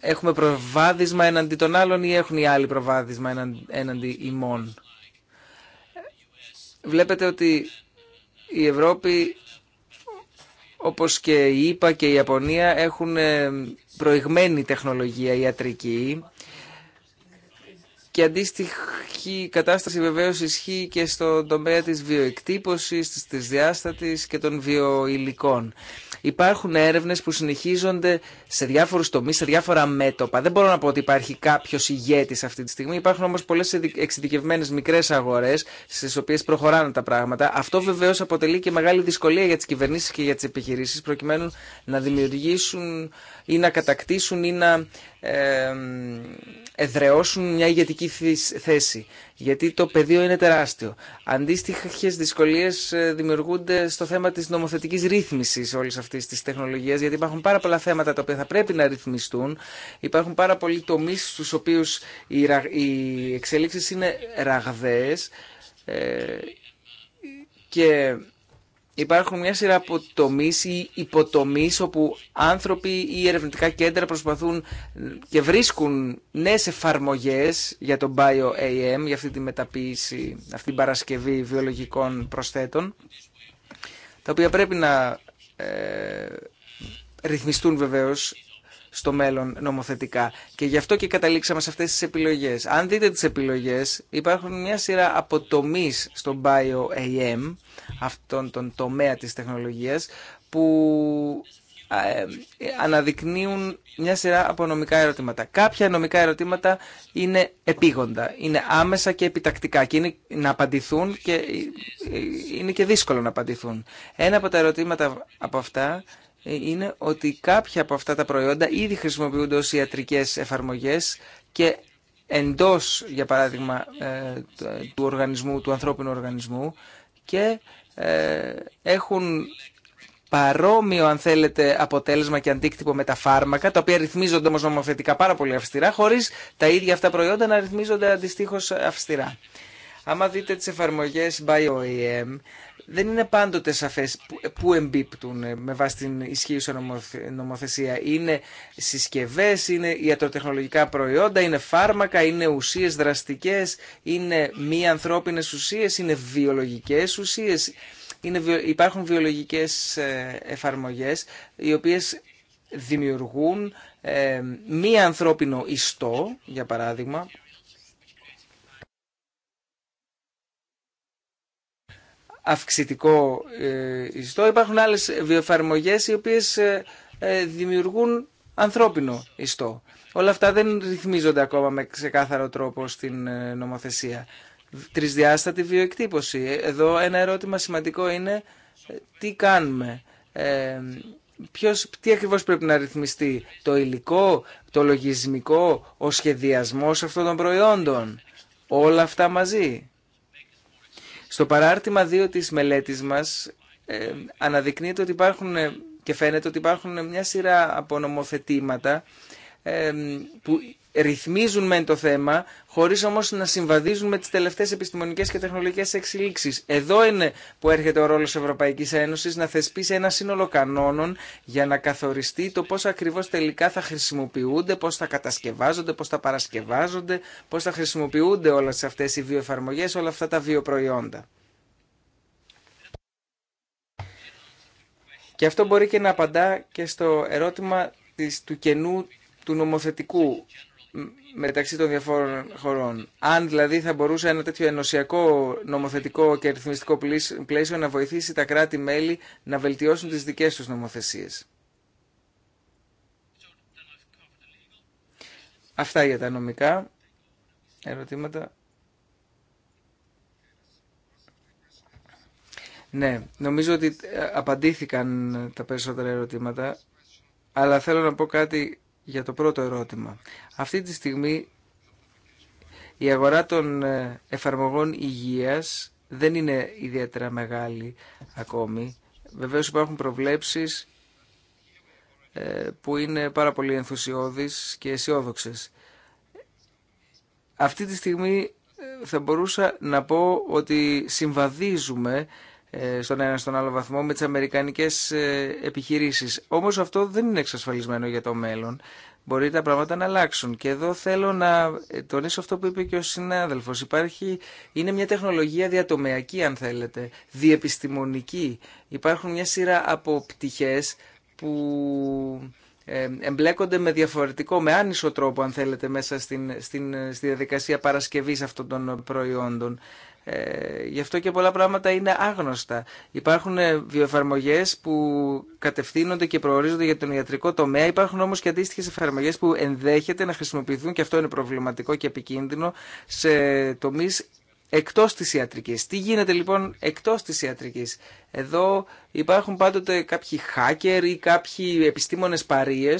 έχουμε προβάδισμα εναντί των άλλων ή έχουν οι άλλοι προβάδισμα εναντί ημών. Βλέπετε ότι η Ευρώπη, όπως και η ΙΠΑ και η Ιαπωνία, έχουν ε, προηγμένη τεχνολογία ιατρική και αντίστοιχη κατάσταση βεβαίως ισχύει και στον τομέα της βιοεκτύπωσης, της διάστατης και των βιοηλικών υπάρχουν έρευνες που συνεχίζονται σε διάφορους τομείς, σε διάφορα μέτωπα. Δεν μπορώ να πω ότι υπάρχει κάποιο ηγέτη αυτή τη στιγμή. Υπάρχουν όμως πολλές εξειδικευμένε μικρές αγορές στι οποίε προχωράνε τα πράγματα. Αυτό βεβαίω αποτελεί και μεγάλη δυσκολία για τις κυβερνήσεις και για τις επιχειρήσει, προκειμένου να δημιουργήσουν ή να κατακτήσουν ή να εδρεώσουν μια ηγετική θέση γιατί το πεδίο είναι τεράστιο. Αντίστοιχε δυσκολίες ε, δημιουργούνται στο θέμα της νομοθετικής ρύθμισης όλη αυτή τη τεχνολογία, γιατί υπάρχουν πάρα πολλά θέματα τα οποία θα πρέπει να ρυθμιστούν, υπάρχουν πάρα πολλοί τομείς στου οποίου οι εξελίξει είναι ραγδαίες ε, και υπάρχουν μια σειρά από ή υποτομεί όπου άνθρωποι ή ερευνητικά κέντρα προσπαθούν και βρίσκουν νέε εφαρμογέ για το BioAM, για αυτή τη μεταποίηση, αυτή την παρασκευή βιολογικών προσθέτων, τα οποία πρέπει να ε, ρυθμιστούν βεβαίως στο μέλλον νομοθετικά. Και γι' αυτό και καταλήξαμε σε αυτές τις επιλογές. Αν δείτε τις επιλογές, υπάρχουν μια σειρά αποτομής στο BioAM, αυτόν τον τομέα της τεχνολογίας που ε, αναδεικνύουν μια σειρά από νομικά ερωτήματα. Κάποια νομικά ερωτήματα είναι επίγοντα, είναι άμεσα και επιτακτικά και είναι να απαντηθούν και ε, ε, είναι και δύσκολο να απαντηθούν. Ένα από τα ερωτήματα από αυτά είναι ότι κάποια από αυτά τα προϊόντα ήδη χρησιμοποιούνται ως ιατρικές εφαρμογές και εντός, για παράδειγμα, του οργανισμού, του ανθρώπινου οργανισμού και ε, έχουν παρόμοιο αν θέλετε αποτέλεσμα και αντίκτυπο με τα φάρμακα, τα οποία ρυθμίζονται όμως νομοθετικά πάρα πολύ αυστηρά, χωρίς τα ίδια αυτά προϊόντα να ρυθμίζονται αντιστοίχως αυστηρά. Άμα δείτε τις εφαρμογές BioEM, δεν είναι πάντοτε σαφές που εμπίπτουν ε, με βάση την ισχύουσα νομοθεσία. Είναι συσκευές, είναι ιατροτεχνολογικά προϊόντα, είναι φάρμακα, είναι ουσίες δραστικές, είναι μη ανθρώπινες ουσίες, είναι βιολογικές ουσίες. υπάρχουν βιολογικές ε, εφαρμογές οι οποίες δημιουργούν ε, μη ανθρώπινο ιστό, για παράδειγμα, αυξητικό ε, ιστό. Υπάρχουν άλλες βιοφαρμογές οι οποίες ε, ε, δημιουργούν ανθρώπινο ιστό. Όλα αυτά δεν ρυθμίζονται ακόμα με ξεκάθαρο τρόπο στην νομοθεσία. Τρισδιάστατη βιοεκτύπωση. Εδώ ένα ερώτημα σημαντικό είναι τι κάνουμε. ποιος, τι ακριβώς πρέπει να ρυθμιστεί. Το υλικό, το λογισμικό, ο σχεδιασμός αυτών των προϊόντων. Όλα αυτά μαζί. Στο παράρτημα 2 της μελέτης μας ε, αναδεικνύεται ότι υπάρχουν ε, και φαίνεται ότι υπάρχουν μια σειρά από νομοθετήματα που ρυθμίζουν μεν το θέμα, χωρί όμω να συμβαδίζουν με τι τελευταίε επιστημονικέ και τεχνολογικέ εξελίξει. Εδώ είναι που έρχεται ο ρόλο Ευρωπαϊκή Ένωση να θεσπίσει ένα σύνολο κανόνων για να καθοριστεί το πώ ακριβώ τελικά θα χρησιμοποιούνται, πώ θα κατασκευάζονται, πώ θα παρασκευάζονται, πώ θα χρησιμοποιούνται όλε αυτέ οι βιοεφαρμογέ, όλα αυτά τα βιοπροϊόντα. Και αυτό μπορεί και να απαντά και στο ερώτημα του κενού του νομοθετικού μεταξύ των διαφόρων χωρών. Αν δηλαδή θα μπορούσε ένα τέτοιο ενωσιακό νομοθετικό και ρυθμιστικό πλαίσιο να βοηθήσει τα κράτη-μέλη να βελτιώσουν τις δικές τους νομοθεσίες. Αυτά για τα νομικά ερωτήματα. Ναι, νομίζω ότι ε, απαντήθηκαν τα περισσότερα ερωτήματα, αλλά θέλω να πω κάτι για το πρώτο ερώτημα. Αυτή τη στιγμή η αγορά των ε, εφαρμογών υγείας δεν είναι ιδιαίτερα μεγάλη ακόμη. Βεβαίως υπάρχουν προβλέψεις ε, που είναι πάρα πολύ ενθουσιώδεις και αισιόδοξε. Αυτή τη στιγμή ε, θα μπορούσα να πω ότι συμβαδίζουμε ε, στον ένα στον άλλο βαθμό με τις αμερικανικές ε, επιχειρήσεις. Όμως αυτό δεν είναι εξασφαλισμένο για το μέλλον. Μπορεί τα πράγματα να αλλάξουν. Και εδώ θέλω να ε, τονίσω αυτό που είπε και ο συνάδελφος. Υπάρχει, είναι μια τεχνολογία διατομεακή αν θέλετε, διεπιστημονική. Υπάρχουν μια σειρά από πτυχές που εμπλέκονται με διαφορετικό, με άνισο τρόπο αν θέλετε μέσα στην, στην, στη διαδικασία παρασκευής αυτών των προϊόντων. Ε, γι' αυτό και πολλά πράγματα είναι άγνωστα. Υπάρχουν ε, βιοεφαρμογέ που κατευθύνονται και προορίζονται για τον ιατρικό τομέα, υπάρχουν όμως και αντίστοιχε εφαρμογέ που ενδέχεται να χρησιμοποιηθούν και αυτό είναι προβληματικό και επικίνδυνο σε τομεί εκτός τη ιατρικής. Τι γίνεται λοιπόν εκτός τη ιατρική Εδώ υπάρχουν πάντοτε κάποιοι hacker ή κάποιοι επιστήμονε παρείε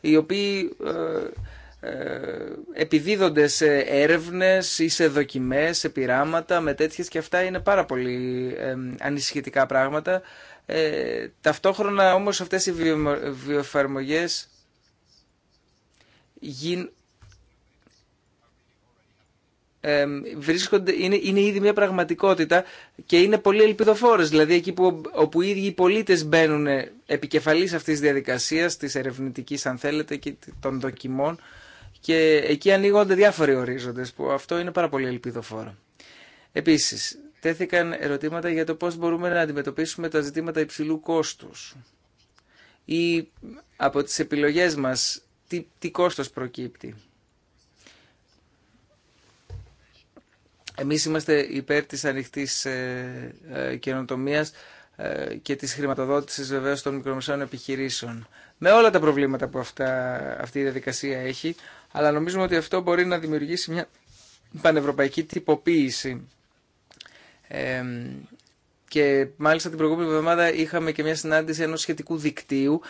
οι οποίοι ε, ε, επιδίδονται σε έρευνες ή σε δοκιμές, σε πειράματα με τέτοιες και αυτά είναι πάρα πολύ ανησυχητικά πράγματα. Ε, ταυτόχρονα όμως αυτές οι βιοφαρμογές γίν, βρίσκονται, είναι, είναι ήδη μια πραγματικότητα και είναι πολύ ελπιδοφόρες. Δηλαδή εκεί που, όπου οι ίδιοι οι πολίτες μπαίνουν επικεφαλής αυτής της διαδικασίας, της ερευνητικής αν θέλετε και των δοκιμών, και εκεί ανοίγονται διάφοροι ορίζοντες που αυτό είναι πάρα πολύ ελπιδοφόρο. Επίσης, τέθηκαν ερωτήματα για το πώς μπορούμε να αντιμετωπίσουμε τα ζητήματα υψηλού κόστους ή από τις επιλογές μας τι, τι κόστος προκύπτει. Εμείς είμαστε υπέρ της ανοιχτής ε, ε καινοτομίας ε, και της χρηματοδότησης βεβαίως των μικρομεσαίων επιχειρήσεων. Με όλα τα προβλήματα που αυτά, αυτή η διαδικασία έχει, αλλά νομίζουμε ότι αυτό μπορεί να δημιουργήσει μια πανευρωπαϊκή τυποποίηση. και μάλιστα την προηγούμενη εβδομάδα είχαμε και μια συνάντηση ενός σχετικού δικτύου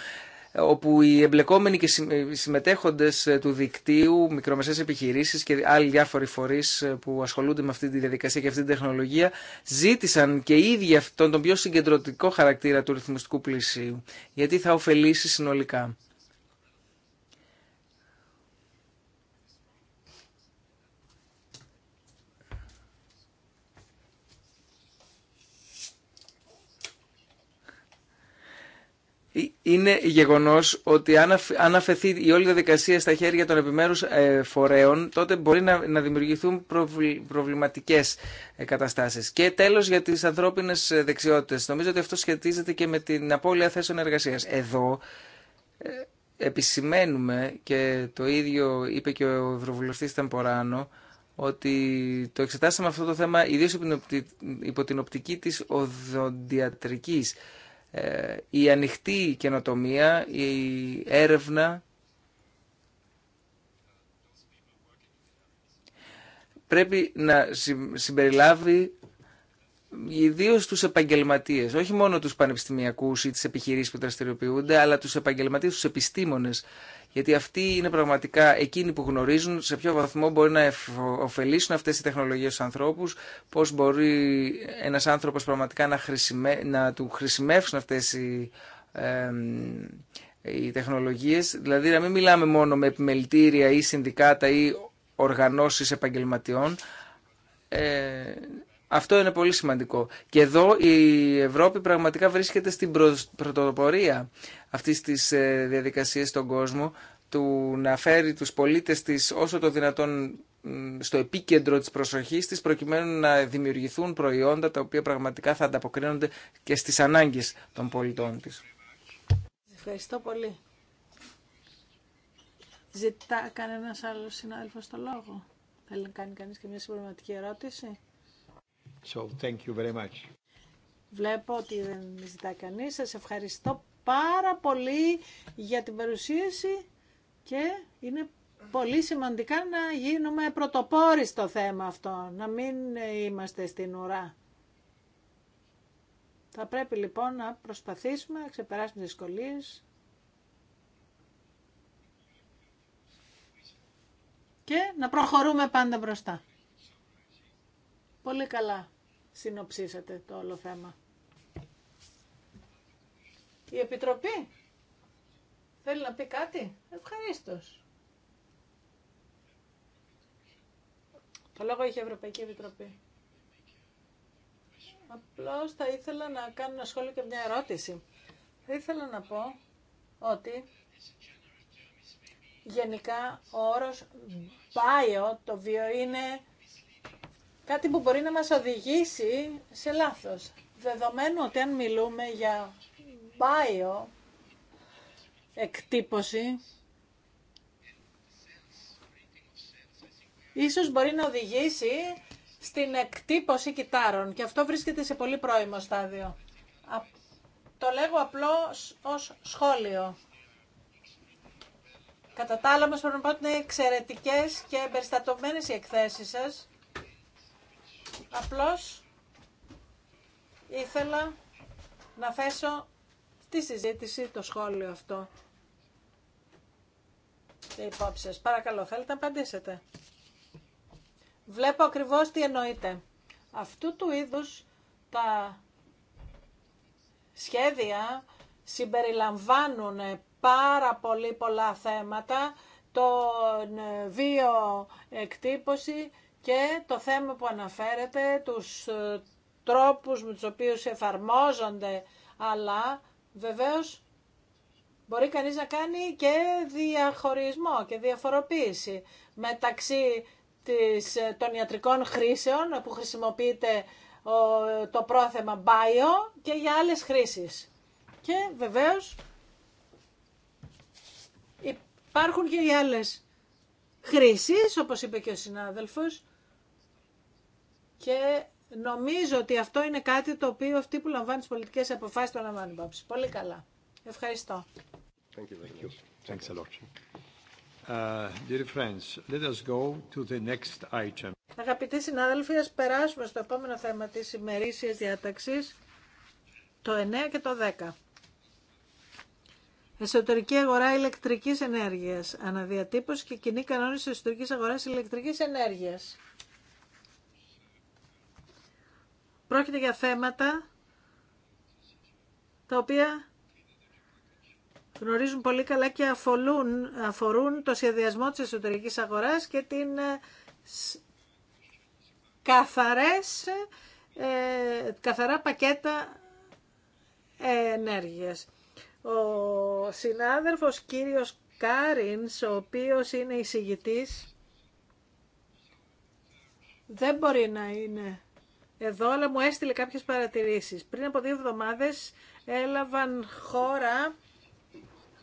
όπου οι εμπλεκόμενοι και οι συμμετέχοντες του δικτύου, μικρομεσαίες επιχειρήσεις και άλλοι διάφοροι φορείς που ασχολούνται με αυτή τη διαδικασία και αυτή τη τεχνολογία ζήτησαν και ήδη αυτόν τον πιο συγκεντρωτικό χαρακτήρα του ρυθμιστικού πλησίου γιατί θα ωφελήσει συνολικά. είναι γεγονός ότι αν αφαιθεί η όλη διαδικασία στα χέρια των επιμέρους ε, φορέων τότε μπορεί να δημιουργηθούν προβληματικές ε, καταστάσεις. Και τέλος για τις ανθρώπινες ε, δεξιότητες. Νομίζω ότι αυτό σχετίζεται και με την απώλεια θέσεων εργασία. Εδώ επισημαίνουμε και το ίδιο είπε και ο Ευρωβουλευτή Τεμποράνο, ότι το εξετάσαμε αυτό το θέμα ιδίως υπό την οπτική της οδοντιατρικής ε, η ανοιχτή καινοτομία, η έρευνα πρέπει να συμπεριλάβει ιδίω του επαγγελματίε, όχι μόνο του πανεπιστημιακού ή τι επιχειρήσει που δραστηριοποιούνται, αλλά του επαγγελματίε, του επιστήμονε. Γιατί αυτοί είναι πραγματικά εκείνοι που γνωρίζουν σε ποιο βαθμό μπορεί να ωφελήσουν αυτέ οι τεχνολογίε στου ανθρώπου, πώ μπορεί ένα άνθρωπο πραγματικά να, χρησιμε... να του χρησιμεύσουν αυτέ οι. Ε, οι τεχνολογίες, δηλαδή να μην μιλάμε μόνο με επιμελητήρια ή συνδικάτα ή οργανώσει επαγγελματιών, ε, αυτό είναι πολύ σημαντικό. Και εδώ η Ευρώπη πραγματικά βρίσκεται στην πρωτοπορία αυτής της ε, διαδικασίας στον κόσμο του να φέρει τους πολίτες της όσο το δυνατόν στο επίκεντρο της προσοχής της προκειμένου να δημιουργηθούν προϊόντα τα οποία πραγματικά θα ανταποκρίνονται και στις ανάγκες των πολιτών της. Ευχαριστώ πολύ. Ζητά κανένας άλλος συνάδελφος το λόγο. Θέλει να κάνει κανείς και μια συμπληρωματική ερώτηση. So, thank you very much. Βλέπω ότι δεν ζητά κανεί. Σα ευχαριστώ πάρα πολύ για την παρουσίαση και είναι πολύ σημαντικά να γίνουμε πρωτοπόροι στο θέμα αυτό, να μην είμαστε στην ουρά. Θα πρέπει λοιπόν να προσπαθήσουμε να ξεπεράσουμε τις δυσκολίες και να προχωρούμε πάντα μπροστά. Πολύ καλά συνοψίσατε το όλο θέμα. Η Επιτροπή θέλει να πει κάτι. Ευχαρίστως. Το λόγο έχει η Ευρωπαϊκή Επιτροπή. Απλώς θα ήθελα να κάνω ένα σχόλιο και μια ερώτηση. Θα ήθελα να πω ότι γενικά ο όρος bio, το βίο είναι κάτι που μπορεί να μας οδηγήσει σε λάθος. Δεδομένου ότι αν μιλούμε για bio εκτύπωση, ίσως μπορεί να οδηγήσει στην εκτύπωση κιτάρων και αυτό βρίσκεται σε πολύ πρώιμο στάδιο. Το λέγω απλώς ως σχόλιο. Κατά τα άλλα μας πρέπει να πω ότι είναι εξαιρετικές και εμπεριστατωμένες οι εκθέσεις σας Απλώς ήθελα να θέσω στη συζήτηση το σχόλιο αυτό. Και υπόψη Παρακαλώ, θέλετε να απαντήσετε. Βλέπω ακριβώς τι εννοείτε. Αυτού του είδους τα σχέδια συμπεριλαμβάνουν πάρα πολύ πολλά θέματα, τον βίο εκτύπωση, και το θέμα που αναφέρεται, τους ε, τρόπους με τους οποίους εφαρμόζονται, αλλά βεβαίως μπορεί κανείς να κάνει και διαχωρισμό και διαφοροποίηση μεταξύ της, ε, των ιατρικών χρήσεων που χρησιμοποιείται το πρόθεμα bio και για άλλες χρήσεις. Και βεβαίως υπάρχουν και οι άλλες χρήσεις, όπως είπε και ο συνάδελφος, και νομίζω ότι αυτό είναι κάτι το οποίο αυτοί που λαμβάνουν τις πολιτικές αποφάσεις το λαμβάνουν υπόψη. Πολύ καλά. Ευχαριστώ. Αγαπητοί συνάδελφοι, ας περάσουμε στο επόμενο θέμα της ημερήσιας διάταξης, το 9 και το 10. Εσωτερική αγορά ηλεκτρικής ενέργειας. Αναδιατύπωση και κοινή κανόνες εσωτερικής αγοράς ηλεκτρικής ενέργειας. Πρόκειται για θέματα τα οποία γνωρίζουν πολύ καλά και αφορούν, αφορούν το σχεδιασμό της εσωτερικής αγοράς και την ε, καθαρές, ε, καθαρά πακέτα ενέργειας. Ο συνάδελφος κύριος Κάρινς, ο οποίος είναι εισηγητής, δεν μπορεί να είναι εδώ, αλλά μου έστειλε κάποιες παρατηρήσεις. Πριν από δύο εβδομάδες έλαβαν χώρα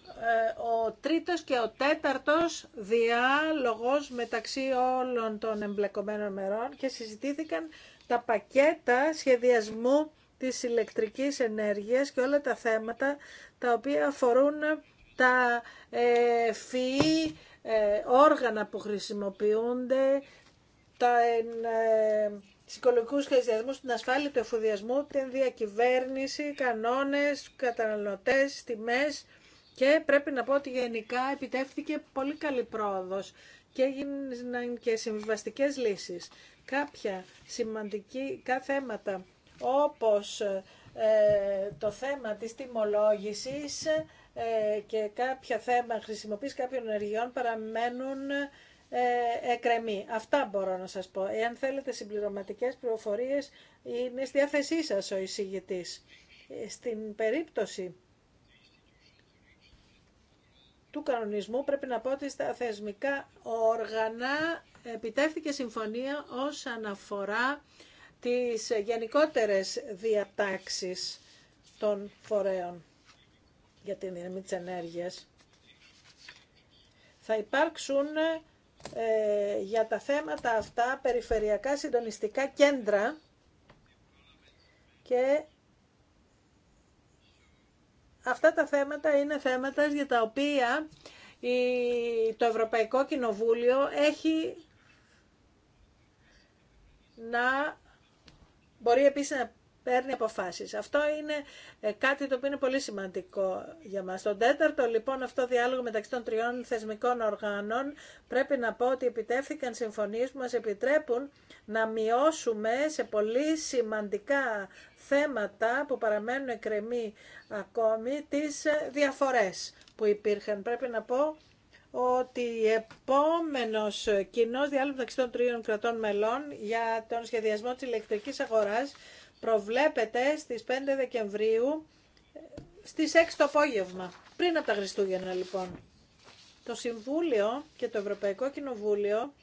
ε, ο τρίτος και ο τέταρτος διάλογος μεταξύ όλων των εμπλεκομένων μερών και συζητήθηκαν τα πακέτα σχεδιασμού της ηλεκτρικής ενέργειας και όλα τα θέματα τα οποία αφορούν τα ε, ε όργανα που χρησιμοποιούνται, τα ε, στις οικολογικούς την ασφάλεια του εφοδιασμού, την διακυβέρνηση, κανόνες, καταναλωτές, τιμές και πρέπει να πω ότι γενικά επιτεύχθηκε πολύ καλή πρόοδος και έγιναν και συμβιβαστικέ λύσεις. Κάποια σημαντικά θέματα όπως ε, το θέμα της τιμολόγησης ε, και κάποια θέματα χρησιμοποίηση κάποιων ενεργειών παραμένουν ε, εκρεμεί. Αυτά μπορώ να σας πω. Εάν θέλετε συμπληρωματικές πληροφορίες, είναι στη διάθεσή σας ο εισηγητής. Ε, στην περίπτωση του κανονισμού πρέπει να πω ότι στα θεσμικά όργανα επιτεύχθηκε συμφωνία όσον αφορά τις γενικότερες διατάξεις των φορέων για την δύναμη της ενέργειας. Θα υπάρξουν ε, για τα θέματα αυτά περιφερειακά συντονιστικά κέντρα και αυτά τα θέματα είναι θέματα για τα οποία το Ευρωπαϊκό Κοινοβούλιο έχει να μπορεί επίσης να παίρνει Αυτό είναι ε, κάτι το οποίο είναι πολύ σημαντικό για μας. Στον τέταρτο λοιπόν αυτό διάλογο μεταξύ των τριών θεσμικών οργάνων πρέπει να πω ότι επιτεύθηκαν συμφωνίες που μας επιτρέπουν να μειώσουμε σε πολύ σημαντικά θέματα που παραμένουν εκκρεμή ακόμη τις ε, διαφορές που υπήρχαν. Πρέπει να πω ότι επόμενος κοινός διάλογο μεταξύ των τριών κρατών μελών για τον σχεδιασμό της ηλεκτρικής αγοράς προβλέπεται στις 5 Δεκεμβρίου στις 6 το απόγευμα, πριν από τα Χριστούγεννα λοιπόν. Το Συμβούλιο και το Ευρωπαϊκό Κοινοβούλιο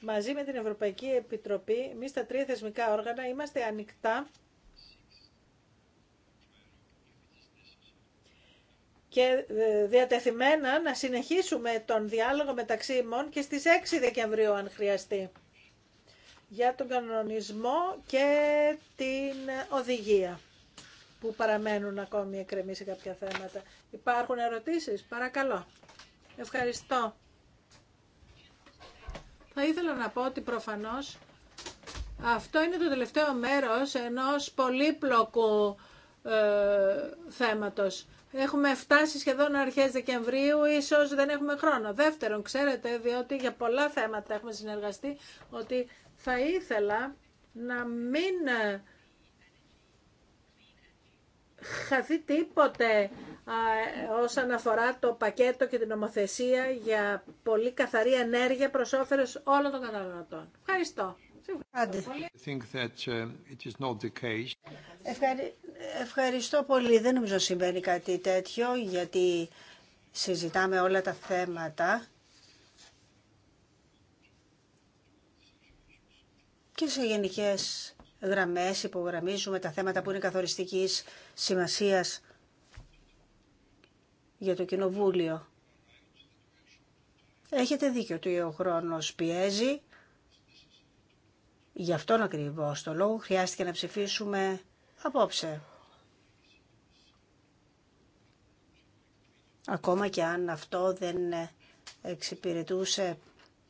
μαζί με την Ευρωπαϊκή Επιτροπή, εμεί τα τρία θεσμικά όργανα είμαστε ανοιχτά και ε, διατεθειμένα να συνεχίσουμε τον διάλογο μεταξύ ημών και στις 6 Δεκεμβρίου αν χρειαστεί για τον κανονισμό και την οδηγία που παραμένουν ακόμη εκκρεμή σε κάποια θέματα. Υπάρχουν ερωτήσεις, παρακαλώ. Ευχαριστώ. Θα ήθελα να πω ότι προφανώς αυτό είναι το τελευταίο μέρος ενός πολύπλοκου ε, θέματος. Έχουμε φτάσει σχεδόν αρχές Δεκεμβρίου, ίσως δεν έχουμε χρόνο. Δεύτερον, ξέρετε, διότι για πολλά θέματα έχουμε συνεργαστεί, ότι θα ήθελα να μην ε, χαθεί τίποτε όσον αφορά το πακέτο και την νομοθεσία για πολύ καθαρή ενέργεια προς όφελος όλων των καταναλωτών. Ευχαριστώ. Ευχαριστώ πολύ. Δεν νομίζω συμβαίνει κάτι τέτοιο γιατί συζητάμε όλα τα θέματα και σε γενικές γραμμές υπογραμμίζουμε τα θέματα που είναι καθοριστική σημασίας για το Κοινοβούλιο. Έχετε δίκιο ότι ο χρόνος πιέζει. Γι' αυτόν ακριβώς το λόγο χρειάστηκε να ψηφίσουμε απόψε. Ακόμα και αν αυτό δεν εξυπηρετούσε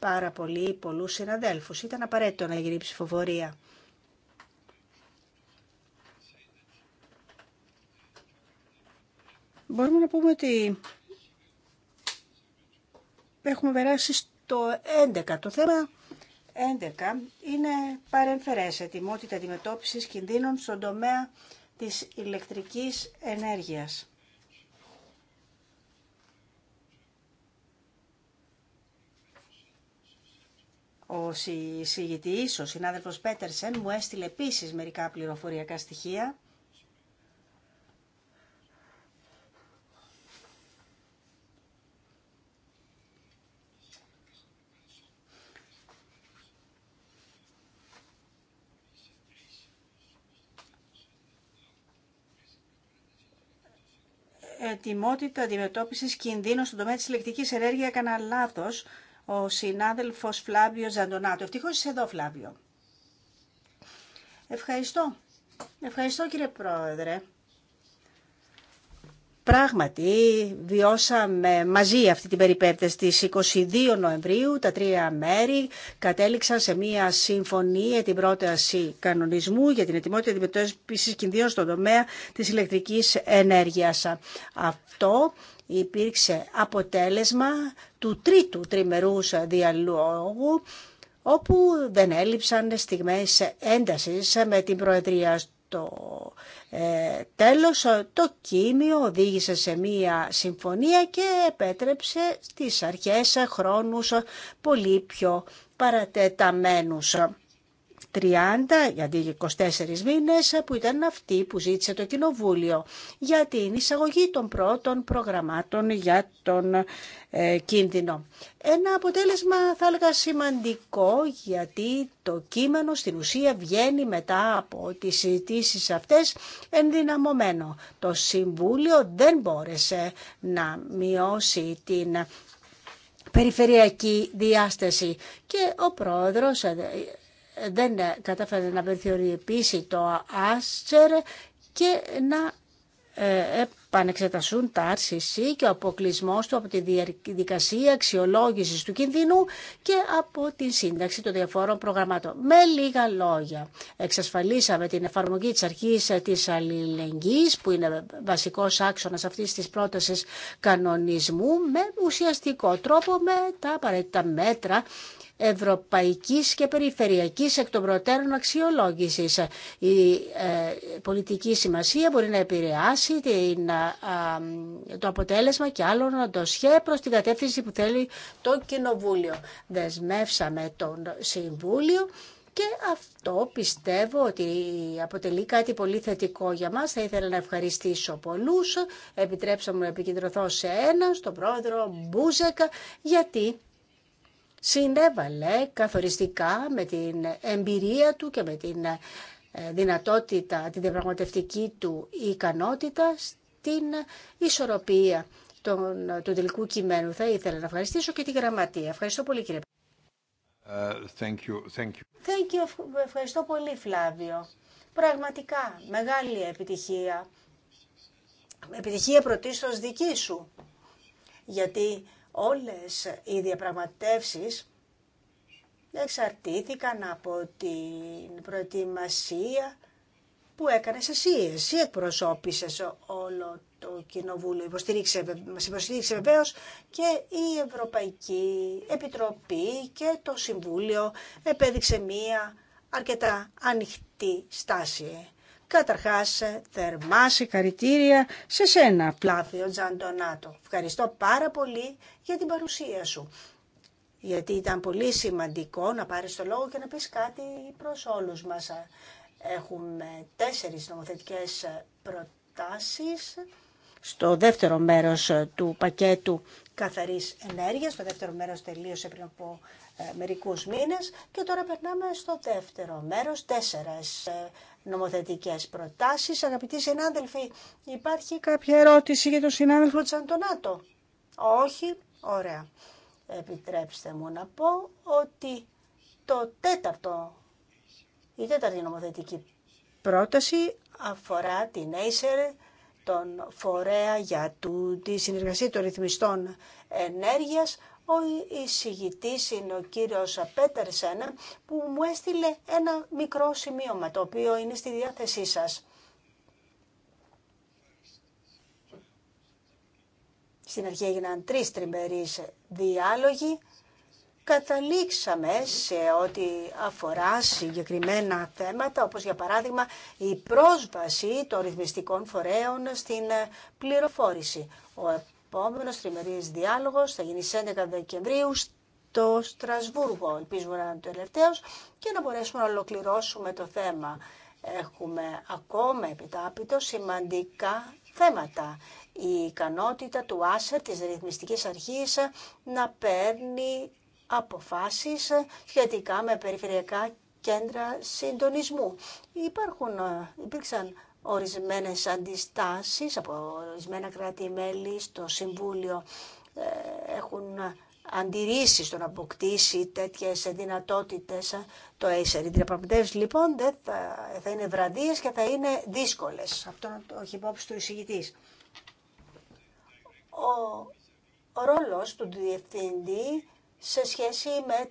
πάρα πολύ πολλούς συναδέλφους. Ήταν απαραίτητο να γίνει η ψηφοφορία. Μπορούμε να πούμε ότι έχουμε περάσει στο 11. Το θέμα 11 είναι παρεμφερές ετοιμότητα αντιμετώπισης κινδύνων στον τομέα της ηλεκτρικής ενέργειας. Ο συγητής, ο συνάδελφος Πέτερσεν, μου έστειλε επίσης μερικά πληροφοριακά στοιχεία. ετοιμότητα αντιμετώπιση κινδύνων στον τομέα της ηλεκτρική ενέργεια έκανα λάθο ο συνάδελφος Φλάβιο Ζαντονάτο. Ευτυχώς είσαι εδώ Φλάβιο. Ευχαριστώ. Ευχαριστώ κύριε Πρόεδρε. Πράγματι, βιώσαμε μαζί αυτή την περιπέτεια στις 22 Νοεμβρίου. Τα τρία μέρη κατέληξαν σε μία συμφωνία την πρόταση κανονισμού για την ετοιμότητα αντιμετώπιση κινδύνων στον τομέα της ηλεκτρικής ενέργειας. Αυτό υπήρξε αποτέλεσμα του τρίτου τριμερούς διαλόγου όπου δεν έλειψαν στιγμές έντασης με την Προεδρία Το ε, τέλος. Το κείμενο οδήγησε σε μία συμφωνία και επέτρεψε στις αρχές χρόνους πολύ πιο παρατεταμένους. 30 γιατί 24 μήνες που ήταν αυτή που ζήτησε το Κοινοβούλιο για την εισαγωγή των πρώτων προγραμμάτων για τον ε, κίνδυνο. Ένα αποτέλεσμα θα έλεγα σημαντικό γιατί το κείμενο στην ουσία βγαίνει μετά από τις συζητήσει αυτές ενδυναμωμένο. Το Συμβούλιο δεν μπόρεσε να μειώσει την περιφερειακή διάσταση και ο πρόεδρος ε, δεν κατάφερε να περιθωριοποιήσει το Άστσερ και να ε, επανεξεταστούν τα RCC και ο αποκλεισμό του από τη διαδικασία αξιολόγηση του κινδύνου και από τη σύνταξη των διαφόρων προγραμμάτων. Με λίγα λόγια, εξασφαλίσαμε την εφαρμογή τη αρχή τη αλληλεγγύη, που είναι βασικό άξονα αυτή τη πρόταση κανονισμού, με ουσιαστικό τρόπο, με τα απαραίτητα μέτρα ευρωπαϊκής και περιφερειακής εκ των προτέρων αξιολόγησης. Η ε, πολιτική σημασία μπορεί να επηρεάσει το αποτέλεσμα και άλλων να το σχέ προς την κατεύθυνση που θέλει το Κοινοβούλιο. Δεσμεύσαμε τον Συμβούλιο και αυτό πιστεύω ότι αποτελεί κάτι πολύ θετικό για μας. Θα ήθελα να ευχαριστήσω πολλούς. Επιτρέψα μου να επικεντρωθώ σε έναν, στον πρόεδρο Μπούζεκα, γιατί συνέβαλε καθοριστικά με την εμπειρία του και με την ε, δυνατότητα, την διαπραγματευτική του ικανότητα στην ισορροπία των, του τελικού κειμένου. Θα ήθελα να ευχαριστήσω και τη γραμματεία. Ευχαριστώ πολύ κύριε Uh, Ευχαριστώ πολύ Φλάβιο. Πραγματικά μεγάλη επιτυχία. Επιτυχία πρωτίστως δική σου. Γιατί όλες οι διαπραγματεύσεις εξαρτήθηκαν από την προετοιμασία που έκανε εσύ. Εσύ εκπροσώπησες όλο το Κοινοβούλιο. μα μας υποστήριξε και η Ευρωπαϊκή Επιτροπή και το Συμβούλιο επέδειξε μία αρκετά ανοιχτή στάση. Καταρχάς, ε, θερμά συγχαρητήρια σε σένα, Πλάθιο Τζαντονάτο. Ευχαριστώ πάρα πολύ για την παρουσία σου. Γιατί ήταν πολύ σημαντικό να πάρεις το λόγο και να πεις κάτι προς όλους μας. Έχουμε τέσσερις νομοθετικές προτάσεις στο δεύτερο μέρος του πακέτου καθαρής ενέργειας. Το δεύτερο μέρος τελείωσε πριν από ε, μερικούς μήνες και τώρα περνάμε στο δεύτερο μέρος, τέσσερες ε, νομοθετικές προτάσεις. Αγαπητοί συνάδελφοι, υπάρχει κάποια ερώτηση για τον συνάδελφο της Όχι, ωραία. Επιτρέψτε μου να πω ότι το τέταρτο, η τέταρτη νομοθετική πρόταση αφορά την Acer, τον φορέα για τη συνεργασία των ρυθμιστών ενέργειας, ο εισηγητής είναι ο κύριος Πέτερσεν που μου έστειλε ένα μικρό σημείωμα το οποίο είναι στη διάθεσή σας. Στην αρχή έγιναν τρεις τριμερείς διάλογοι. Καταλήξαμε σε ό,τι αφορά συγκεκριμένα θέματα, όπως για παράδειγμα η πρόσβαση των ρυθμιστικών φορέων στην πληροφόρηση επόμενος τριμερής διάλογος θα γίνει στις 11 Δεκεμβρίου στο Στρασβούργο. Ελπίζουμε να είναι το τελευταίο, και να μπορέσουμε να ολοκληρώσουμε το θέμα. Έχουμε ακόμα επιτάπητο σημαντικά θέματα. Η ικανότητα του ΆΣΕΡ, της ρυθμιστικής αρχής, να παίρνει αποφάσεις σχετικά με περιφερειακά κέντρα συντονισμού. Υπάρχουν, ε, υπήρξαν ορισμένες αντιστάσεις από ορισμένα κράτη-μέλη στο Συμβούλιο ε, έχουν αντιρρήσει στο να αποκτήσει τέτοιες δυνατότητες το Acer. Οι διαπραγματεύσεις λοιπόν δεν θα, είναι βραδίες και θα είναι δύσκολες. Αυτό το έχει υπόψη του εισηγητής. Ο, ο ρόλος του διευθυντή σε σχέση με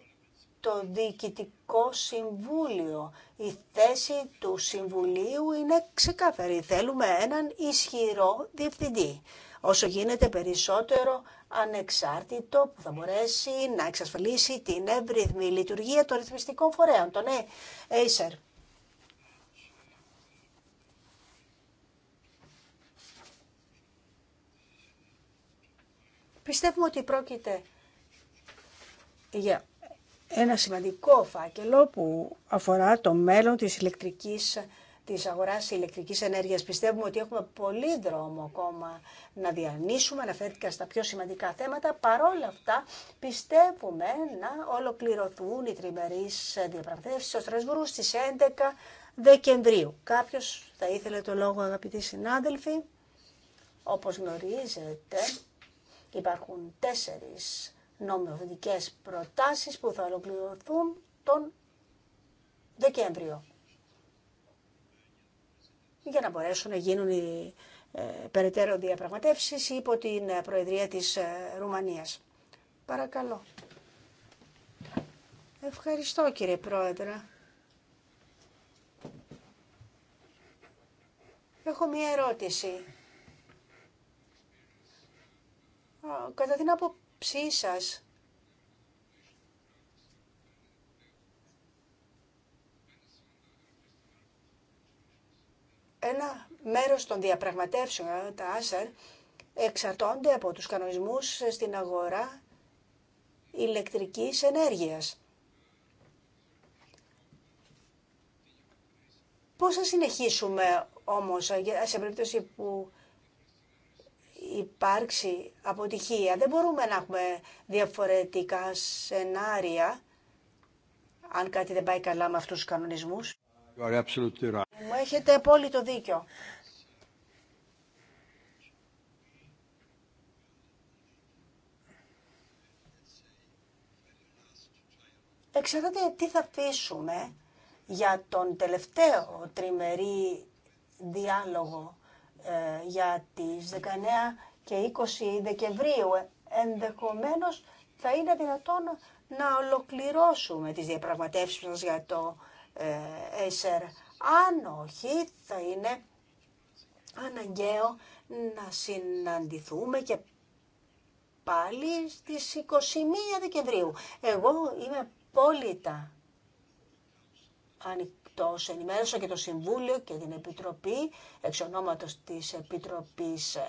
το διοικητικό Ευρωπαϊκό Συμβούλιο. Η θέση του Συμβουλίου είναι ξεκάθαρη. Θέλουμε έναν ισχυρό διευθυντή όσο γίνεται περισσότερο ανεξάρτητο που θα μπορέσει να εξασφαλίσει την εύρυθμη λειτουργία των ρυθμιστικών φορέων, τον ναι, Acer. Πιστεύουμε ότι πρόκειται για ένα σημαντικό φάκελο που αφορά το μέλλον της ηλεκτρικής της αγοράς ηλεκτρικής ενέργειας. Πιστεύουμε ότι έχουμε πολύ δρόμο ακόμα να διανύσουμε, αναφέρθηκα στα πιο σημαντικά θέματα. Παρόλα αυτά πιστεύουμε να ολοκληρωθούν οι τριμερείς διαπραγματεύσεις στο Στρασβούργο στις 11 Δεκεμβρίου. Κάποιος θα ήθελε το λόγο αγαπητοί συνάδελφοι. Όπως γνωρίζετε υπάρχουν τέσσερις νομοθετικές προτάσεις που θα ολοκληρωθούν τον Δεκέμβριο για να μπορέσουν να γίνουν οι ε, περαιτέρω διαπραγματεύσεις υπό την ε, Προεδρία της ε, Ρουμανίας. Παρακαλώ. Ευχαριστώ κύριε Πρόεδρε. Έχω μία ερώτηση. Κατά την άποψή Ψήσας, Ένα μέρος των διαπραγματεύσεων, ε, τα ΆΣΑΡ, εξαρτώνται από τους κανονισμούς στην αγορά ηλεκτρικής ενέργειας. Πώς θα συνεχίσουμε όμως ε, σε περίπτωση που υπάρξει αποτυχία. Δεν μπορούμε να έχουμε διαφορετικά σενάρια αν κάτι δεν πάει καλά με αυτούς τους κανονισμούς. Μου έχετε απόλυτο δίκιο. Εξαρτάται τι θα αφήσουμε για τον τελευταίο τριμερή διάλογο ε, για τις 19 και 20 Δεκεμβρίου. Ε, ενδεχομένως θα είναι δυνατόν να ολοκληρώσουμε τις διαπραγματεύσεις μας για το ΕΣΕΡ. Αν όχι, θα είναι αναγκαίο να συναντηθούμε και πάλι στις 21 Δεκεμβρίου. Εγώ είμαι απόλυτα ανοιχτή το ενημέρωσα και το Συμβούλιο και την Επιτροπή, εξ ονόματος της Επιτροπής ε,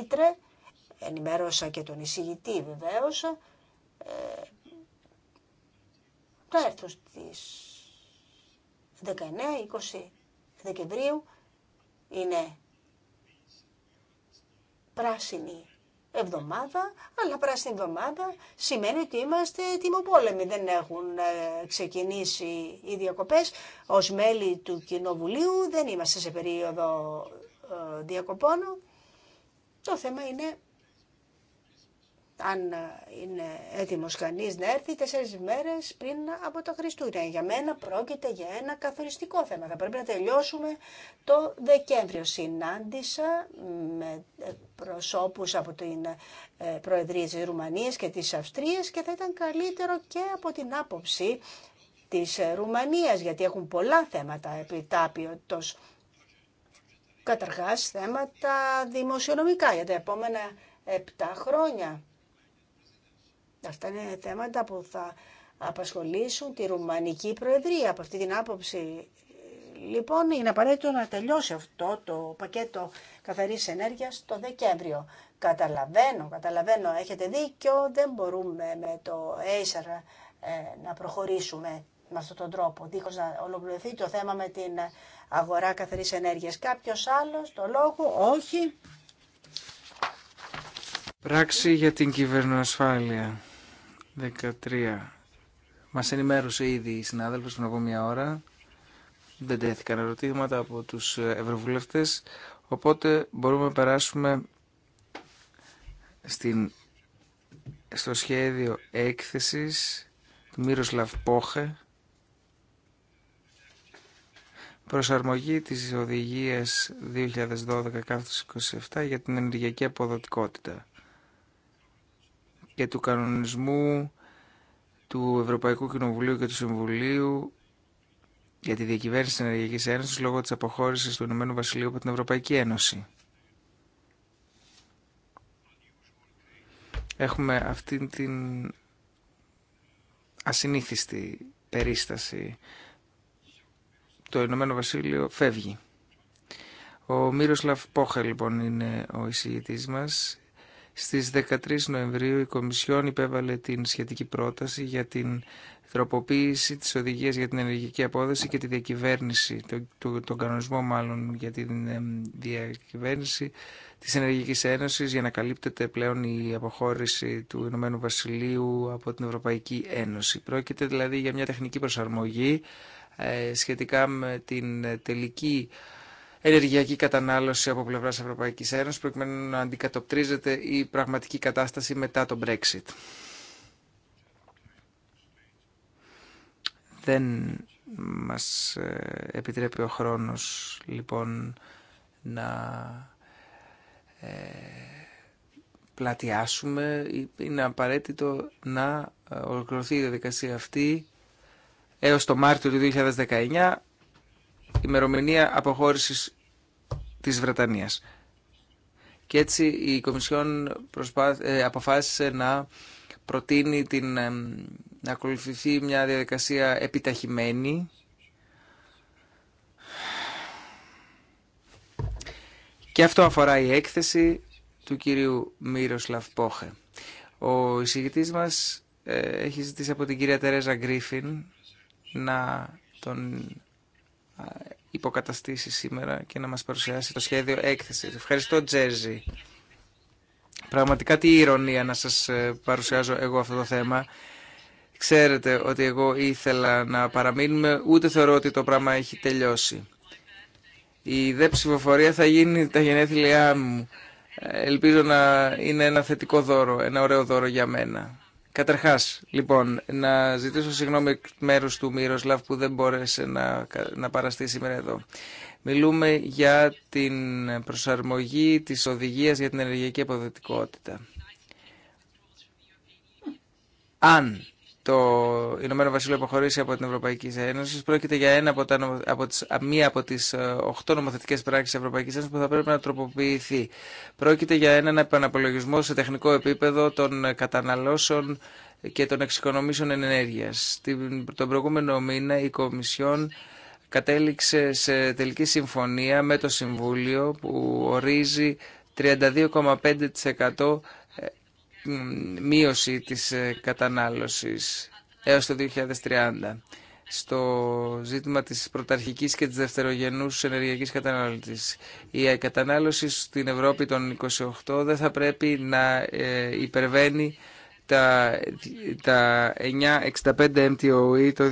Ήτρε, ενημέρωσα και τον εισηγητή βεβαίως, το ε, θα έρθω 19-20 Δεκεμβρίου, είναι πράσινη εβδομάδα, αλλά πράσινη εβδομάδα σημαίνει ότι είμαστε τιμοπόλεμοι. Δεν έχουν ε, ξεκινήσει οι διακοπές. Ως μέλη του Κοινοβουλίου δεν είμαστε σε περίοδο ε, διακοπών. Το θέμα είναι αν ε, είναι έτοιμο κανείς να έρθει τέσσερις μέρες πριν από τα Χριστούγεννα. Για μένα πρόκειται για ένα καθοριστικό θέμα. Θα πρέπει να τελειώσουμε το Δεκέμβριο. Συνάντησα με ε, προσώπου από την ε, Προεδρία της Ρουμανίας και της Αυστρίας και θα ήταν καλύτερο και από την άποψη της Ρουμανίας, γιατί έχουν πολλά θέματα τάπιωτος. Καταρχάς θέματα δημοσιονομικά για τα επόμενα επτά χρόνια. Αυτά είναι θέματα που θα απασχολήσουν τη Ρουμανική Προεδρία από αυτή την άποψη. Λοιπόν, είναι απαραίτητο να τελειώσει αυτό το πακέτο καθαρής ενέργειας το Δεκέμβριο. Καταλαβαίνω, καταλαβαίνω, έχετε δίκιο, δεν μπορούμε με το Acer ε, να προχωρήσουμε με αυτόν τον τρόπο, δίχως να ολοκληρωθεί το θέμα με την αγορά καθαρής ενέργειας. Κάποιο άλλος, το λόγο, όχι. Πράξη για την κυβερνοασφάλεια. 13. Μας ενημέρωσε ήδη η συνάδελφος πριν από μια ώρα. Δεν τέθηκαν ερωτήματα από τους ευρωβουλευτές, οπότε μπορούμε να περάσουμε στην, στο σχέδιο έκθεσης του Μύροσλαβ Πόχε προσαρμογή της οδηγίας 2012-27 για την ενεργειακή αποδοτικότητα και του κανονισμού του Ευρωπαϊκού Κοινοβουλίου και του Συμβουλίου για τη διακυβέρνηση της Ενεργειακής Ένωσης λόγω της αποχώρησης του Ηνωμένου Βασιλείου από την Ευρωπαϊκή Ένωση. Έχουμε αυτή την ασυνήθιστη περίσταση. Το Ηνωμένο Βασίλειο φεύγει. Ο Μύροσλαφ Πόχα λοιπόν είναι ο εισηγητής μας στις 13 Νοεμβρίου η Κομισιόν υπέβαλε την σχετική πρόταση για την τροποποίηση της οδηγίας για την ενεργειακή απόδοση και τη διακυβέρνηση, τον, κανονισμό μάλλον για τη ε, διακυβέρνηση της Ενεργειακής Ένωσης για να καλύπτεται πλέον η αποχώρηση του Ηνωμένου Βασιλείου από την Ευρωπαϊκή Ένωση. Πρόκειται δηλαδή για μια τεχνική προσαρμογή ε, σχετικά με την τελική ενεργειακή κατανάλωση από πλευράς Ευρωπαϊκής Ένωσης προκειμένου να αντικατοπτρίζεται η πραγματική κατάσταση μετά το Brexit. Δεν μας ε, επιτρέπει ο χρόνος λοιπόν να ε, πλατιάσουμε. Είναι απαραίτητο να ε, ολοκληρωθεί η διαδικασία αυτή έως το Μάρτιο του 2019 ημερομηνία αποχώρησης της Βρετανίας. Και έτσι η Κομισιόν προσπά... Ε, αποφάσισε να προτείνει την, ε, να ακολουθηθεί μια διαδικασία επιταχυμένη και αυτό αφορά η έκθεση του κυρίου Μύροσλαβ Πόχε. Ο εισηγητής μας ε, έχει ζητήσει από την κυρία Τερέζα Γκρίφιν να τον υποκαταστήσει σήμερα και να μας παρουσιάσει το σχέδιο έκθεσης. Ευχαριστώ Τζέζι. Πραγματικά τι ηρωνία να σας ε, παρουσιάζω εγώ αυτό το θέμα. Ξέρετε ότι εγώ ήθελα να παραμείνουμε, ούτε θεωρώ ότι το πράγμα έχει τελειώσει. Η δε ψηφοφορία θα γίνει τα γενέθλιά μου. Ε, ελπίζω να είναι ένα θετικό δώρο, ένα ωραίο δώρο για μένα. Καταρχά, λοιπόν, να ζητήσω συγγνώμη εκ μέρους του Μύροσλαβ που δεν μπόρεσε να, να παραστεί σήμερα εδώ. Μιλούμε για την προσαρμογή της οδηγία για την ενεργειακή αποδοτικότητα. Αν το Ηνωμένο Βασίλειο αποχωρήσει από την Ευρωπαϊκή Ένωση. Πρόκειται για ένα από τα, από τις, μία από τι ε, οχτώ νομοθετικέ πράξει της Ευρωπαϊκής Ένωσης που θα πρέπει να τροποποιηθεί. Πρόκειται για έναν επαναπολογισμό σε τεχνικό επίπεδο των καταναλώσεων και των εξοικονομήσεων ενέργεια. Τον προηγούμενο μήνα η Κομισιόν κατέληξε σε τελική συμφωνία με το Συμβούλιο που ορίζει 32,5% μείωση της ε, κατανάλωσης έως το 2030 στο ζήτημα της πρωταρχικής και της δευτερογενούς ενεργειακής κατανάλωσης. Η κατανάλωση στην Ευρώπη των 28 δεν θα πρέπει να ε, υπερβαίνει τα, τα 9,65 MTOE το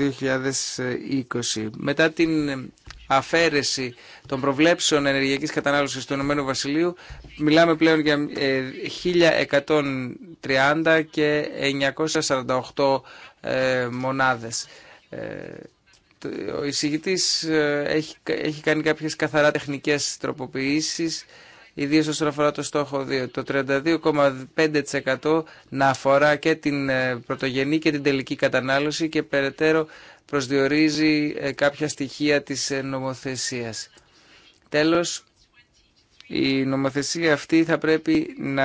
2020. Μετά την αφαίρεση των προβλέψεων ενεργειακή κατανάλωση του Ηνωμένου Βασιλείου μιλάμε πλέον για 1130 ε, και 948 ε, μονάδες. Ε, ο εισηγητή έχει κάνει κάποιε καθαρά τεχνικέ τροποποίησει, ιδίω όσον αφορά το στόχο 2. Το 32,5% να αφορά και την πρωτογενή και την τελική κατανάλωση και περαιτέρω προσδιορίζει ε, κάποια στοιχεία της ε, νομοθεσίας. Τέλος, η νομοθεσία αυτή θα πρέπει να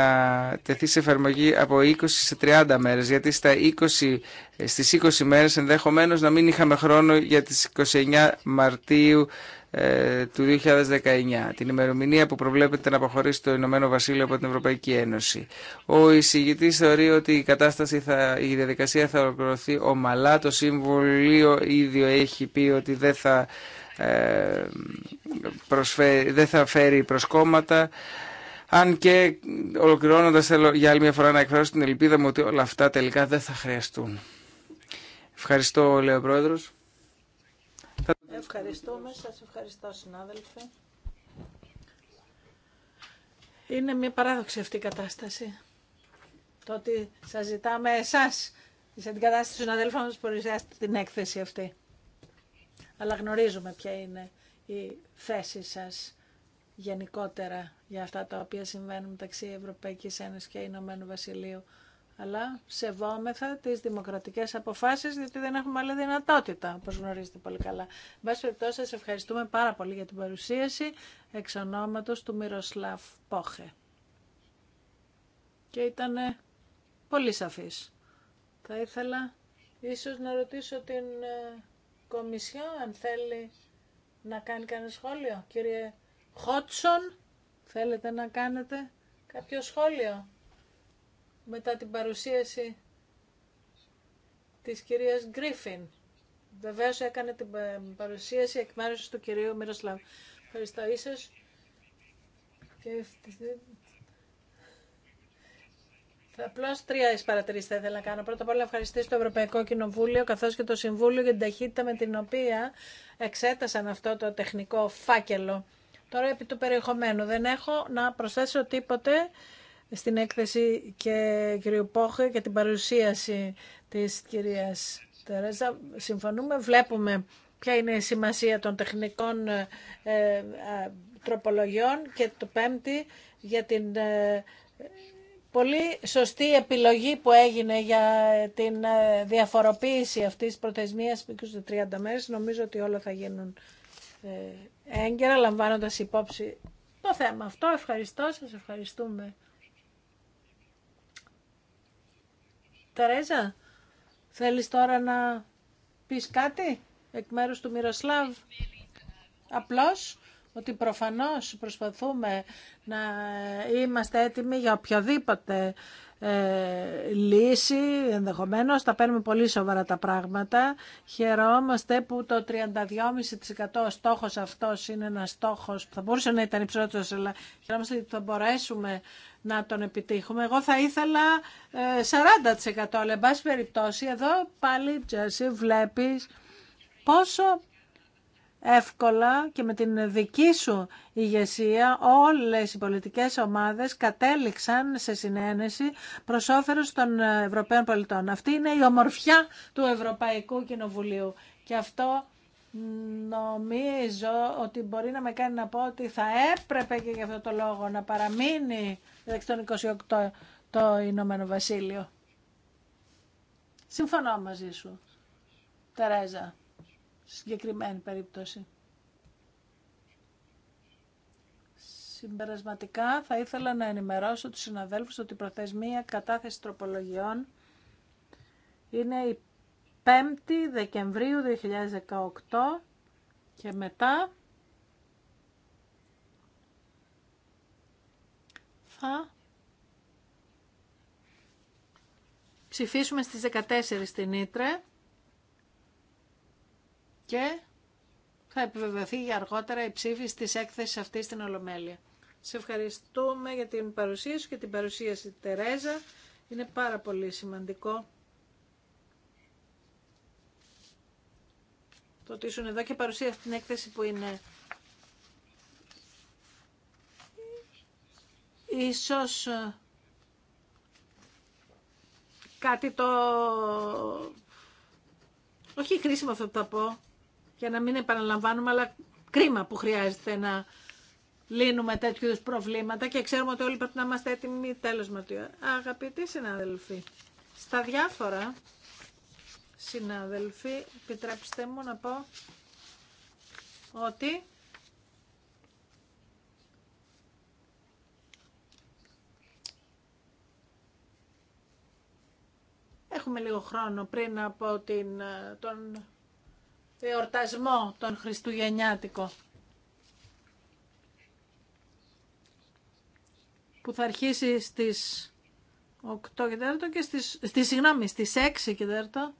τεθεί σε εφαρμογή από 20 σε 30 μέρες, γιατί στα 20, ε, στις 20 μέρες ενδεχομένως να μην είχαμε χρόνο για τις 29 Μαρτίου ε, του 2019, την ημερομηνία που προβλέπεται να αποχωρήσει το Ηνωμένο Βασίλειο από την Ευρωπαϊκή Ένωση. Ο εισηγητή θεωρεί ότι η, κατάσταση θα, η διαδικασία θα ολοκληρωθεί ομαλά. Το Συμβουλίο ίδιο έχει πει ότι δεν θα, ε, προσφέρει, δεν θα φέρει προσκόμματα. Αν και ολοκληρώνοντα, θέλω για άλλη μια φορά να εκφράσω την ελπίδα μου ότι όλα αυτά τελικά δεν θα χρειαστούν. Ευχαριστώ, λέει ο Πρόεδρος. Ευχαριστούμε. Σας ευχαριστώ, συνάδελφε. Είναι μια παράδοξη αυτή η κατάσταση. Το ότι σας ζητάμε εσάς, σε την κατάσταση των αδέλφων μας, την έκθεση αυτή. Αλλά γνωρίζουμε ποια είναι η θέση σας γενικότερα για αυτά τα οποία συμβαίνουν μεταξύ Ευρωπαϊκή Ένωσης και Ηνωμένου Βασιλείου αλλά σεβόμεθα τις δημοκρατικές αποφάσεις, γιατί δεν έχουμε άλλη δυνατότητα, όπως γνωρίζετε πολύ καλά. πάση περιπτώσει, σας ευχαριστούμε πάρα πολύ για την παρουσίαση εξ ονόματος του Μυροσλάβ Πόχε. Και ήταν πολύ σαφής. Θα ήθελα ίσως να ρωτήσω την ε, Κομισιό, αν θέλει να κάνει κανένα σχόλιο. Κύριε Χότσον, θέλετε να κάνετε κάποιο σχόλιο μετά την παρουσίαση της κυρίας Γκρίφιν. Βεβαίως έκανε την παρουσίαση εκ μέρους του κυρίου Μυροσλάβ. Ευχαριστώ ίσως. Και... Απλώ τρία παρατηρήσει θα ήθελα να κάνω. Πρώτα απ' όλα, ευχαριστήσω το Ευρωπαϊκό Κοινοβούλιο καθώ και το Συμβούλιο για την ταχύτητα με την οποία εξέτασαν αυτό το τεχνικό φάκελο. Τώρα, επί του περιεχομένου, δεν έχω να προσθέσω τίποτε στην έκθεση και κ. Πόχε και την παρουσίαση της κυρίας Τερέζα. Συμφωνούμε, βλέπουμε ποια είναι η σημασία των τεχνικών ε, ε, τροπολογιών και το πέμπτη για την ε, πολύ σωστή επιλογή που έγινε για την διαφοροποίηση αυτής της προθεσμίας 20-30 μέρες. Νομίζω ότι όλα θα γίνουν έγκαιρα λαμβάνοντας υπόψη το θέμα αυτό. Ευχαριστώ σας, ευχαριστούμε Τερέζα, θέλεις τώρα να πεις κάτι εκ μέρους του Μυροσλάβ. Απλώς ότι προφανώς προσπαθούμε να είμαστε έτοιμοι για οποιαδήποτε ε, λύση ενδεχομένως, τα παίρνουμε πολύ σοβαρά τα πράγματα. Χαιρόμαστε που το 32,5% στόχος αυτός είναι ένας στόχος που θα μπορούσε να ήταν υψηλότερος, αλλά χαιρόμαστε ότι θα μπορέσουμε να τον επιτύχουμε. Εγώ θα ήθελα 40% ε, αλλά εν πάση περιπτώσει εδώ πάλι Τζέσι βλέπεις πόσο εύκολα και με την δική σου ηγεσία όλες οι πολιτικές ομάδες κατέληξαν σε συνένεση προς τον των Ευρωπαίων πολιτών. Αυτή είναι η ομορφιά του Ευρωπαϊκού Κοινοβουλίου και αυτό νομίζω ότι μπορεί να με κάνει να πω ότι θα έπρεπε και για αυτό το λόγο να παραμείνει μεταξύ των 28 το Ηνωμένο Βασίλειο. Συμφωνώ μαζί σου, Τερέζα, συγκεκριμένη περίπτωση. Συμπερασματικά θα ήθελα να ενημερώσω τους συναδέλφους ότι η προθεσμία κατάθεση τροπολογιών είναι η 5η Δεκεμβρίου 2018 και μετά θα ψηφίσουμε στις 14 στην Ήτρε και θα επιβεβαιωθεί για αργότερα η ψήφιση της έκθεσης αυτής στην Ολομέλεια. Σε ευχαριστούμε για την παρουσία σου και την παρουσίαση Τερέζα. Είναι πάρα πολύ σημαντικό το ότι ήσουν εδώ και παρουσία στην έκθεση που είναι ίσως ε, κάτι το... Όχι χρήσιμο αυτό που θα πω, για να μην επαναλαμβάνουμε, αλλά κρίμα που χρειάζεται να λύνουμε τέτοιου είδους προβλήματα και ξέρουμε ότι όλοι πρέπει να είμαστε έτοιμοι τέλος Ματιού. Αγαπητοί συνάδελφοι, στα διάφορα, συνάδελφοι, επιτρέψτε μου να πω ότι Έχουμε λίγο χρόνο πριν από την, ε, τον εορτασμό τον Χριστουγεννιάτικο. που θα αρχίσει στις 8 και και στις, στις 6 και 4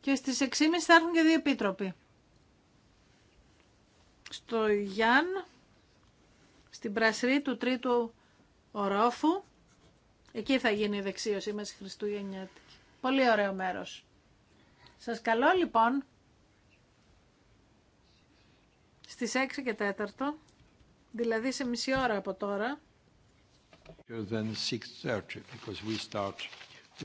και στις 6.30 θα έρθουν και δύο επίτροποι. Στο Γιάν, στην πρασρή του τρίτου ορόφου Εκεί θα γίνει η δεξίωσή μας Χριστούγεννιάτικη. Πολύ ωραίο μέρος. Σας καλώ λοιπόν στις 6 και 4, δηλαδή σε μισή ώρα από τώρα.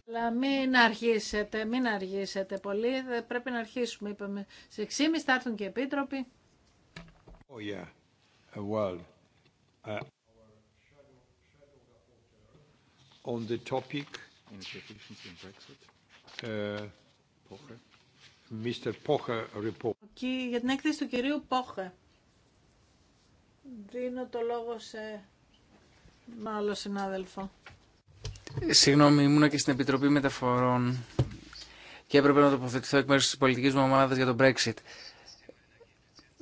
Αλλά μην αργήσετε, μην αργήσετε πολύ. Δεν πρέπει να αρχίσουμε, είπαμε. Σε 6.30 θα έρθουν και οι επίτροποι. Oh, yeah. well, uh... on the topic. Energy efficiency and Brexit. Mr. Uh, Pocher report. Για την έκθεση του κυρίου Πόχε. Δίνω το λόγο σε άλλο συνάδελφο. Ε, συγγνώμη, ήμουν και στην Επιτροπή Μεταφορών και έπρεπε να τοποθετηθώ εκ μέρους της πολιτικής μου ομάδας για το Brexit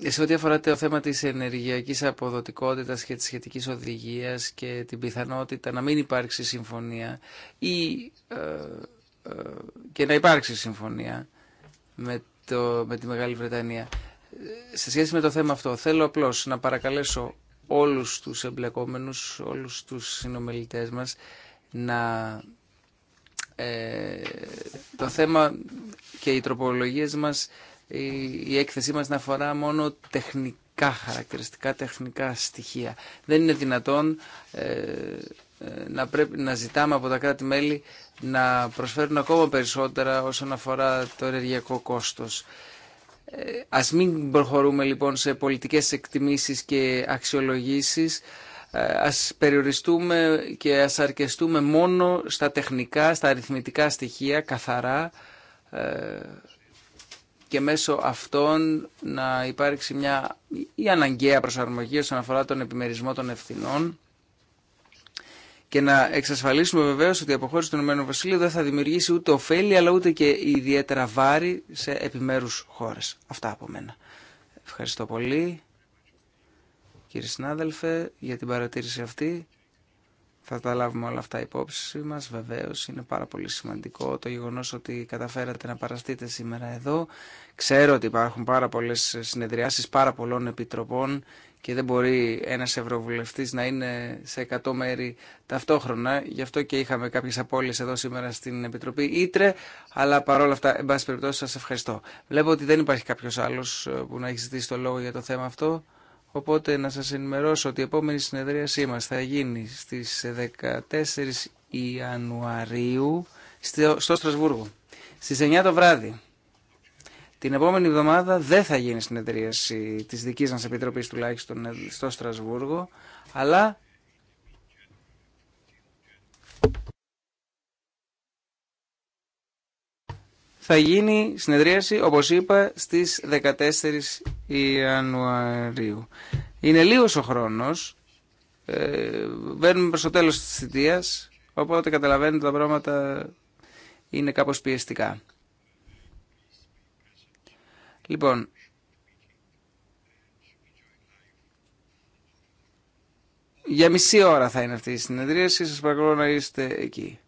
σε ό,τι αφορά το θέμα της ενεργειακής αποδοτικότητας και της σχετικής οδηγίας και την πιθανότητα να μην υπάρξει συμφωνία ή ε, ε, και να υπάρξει συμφωνία με, το, με τη Μεγάλη Βρετανία. Σε σχέση με το θέμα αυτό, θέλω απλώς να παρακαλέσω όλους τους εμπλεκόμενους, όλους τους συνομιλητές μας να ε, το θέμα και οι τροπολογίες μας η έκθεσή μας να αφορά μόνο τεχνικά χαρακτηριστικά, τεχνικά στοιχεία. Δεν είναι δυνατόν ε, ε, να, πρέπει, να ζητάμε από τα κράτη-μέλη να προσφέρουν ακόμα περισσότερα όσον αφορά το ενεργειακό κόστος. Ε, ας μην προχωρούμε λοιπόν σε πολιτικές εκτιμήσεις και αξιολογήσεις, ας περιοριστούμε και ας αρκεστούμε μόνο στα τεχνικά, στα αριθμητικά στοιχεία, καθαρά, και μέσω αυτών να υπάρξει μια η αναγκαία προσαρμογή όσον αφορά τον επιμερισμό των ευθυνών και να εξασφαλίσουμε βεβαίω ότι η αποχώρηση του Ηνωμένου Βασιλείου δεν θα δημιουργήσει ούτε ωφέλη αλλά ούτε και ιδιαίτερα βάρη σε επιμέρου χώρε. Αυτά από μένα. Ευχαριστώ πολύ, κύριε συνάδελφε, για την παρατήρηση αυτή. Θα τα λάβουμε όλα αυτά υπόψη μας. Βεβαίως είναι πάρα πολύ σημαντικό το γεγονός ότι καταφέρατε να παραστείτε σήμερα εδώ. Ξέρω ότι υπάρχουν πάρα πολλές συνεδριάσεις πάρα πολλών επιτροπών και δεν μπορεί ένας ευρωβουλευτής να είναι σε 100 μέρη ταυτόχρονα. Γι' αυτό και είχαμε κάποιες απώλειες εδώ σήμερα στην Επιτροπή Ήτρε, αλλά παρόλα αυτά, εν πάση περιπτώσει, σας ευχαριστώ. Βλέπω ότι δεν υπάρχει κάποιος άλλος που να έχει ζητήσει το λόγο για το θέμα αυτό. Οπότε να σας ενημερώσω ότι η επόμενη συνεδρίασή μας θα γίνει στις 14 Ιανουαρίου στο Στρασβούργο. Στις 9 το βράδυ. Την επόμενη εβδομάδα δεν θα γίνει συνεδρίαση της δικής μας επιτροπής τουλάχιστον στο Στρασβούργο, αλλά θα γίνει συνεδρίαση, όπως είπα, στις 14 Ιανουαρίου. Είναι λίγος ο χρόνος, ε, βαίνουμε προς το τέλος της θητείας, οπότε καταλαβαίνετε τα πράγματα είναι κάπως πιεστικά. Λοιπόν, για μισή ώρα θα είναι αυτή η συνεδρίαση, σας παρακαλώ να είστε εκεί.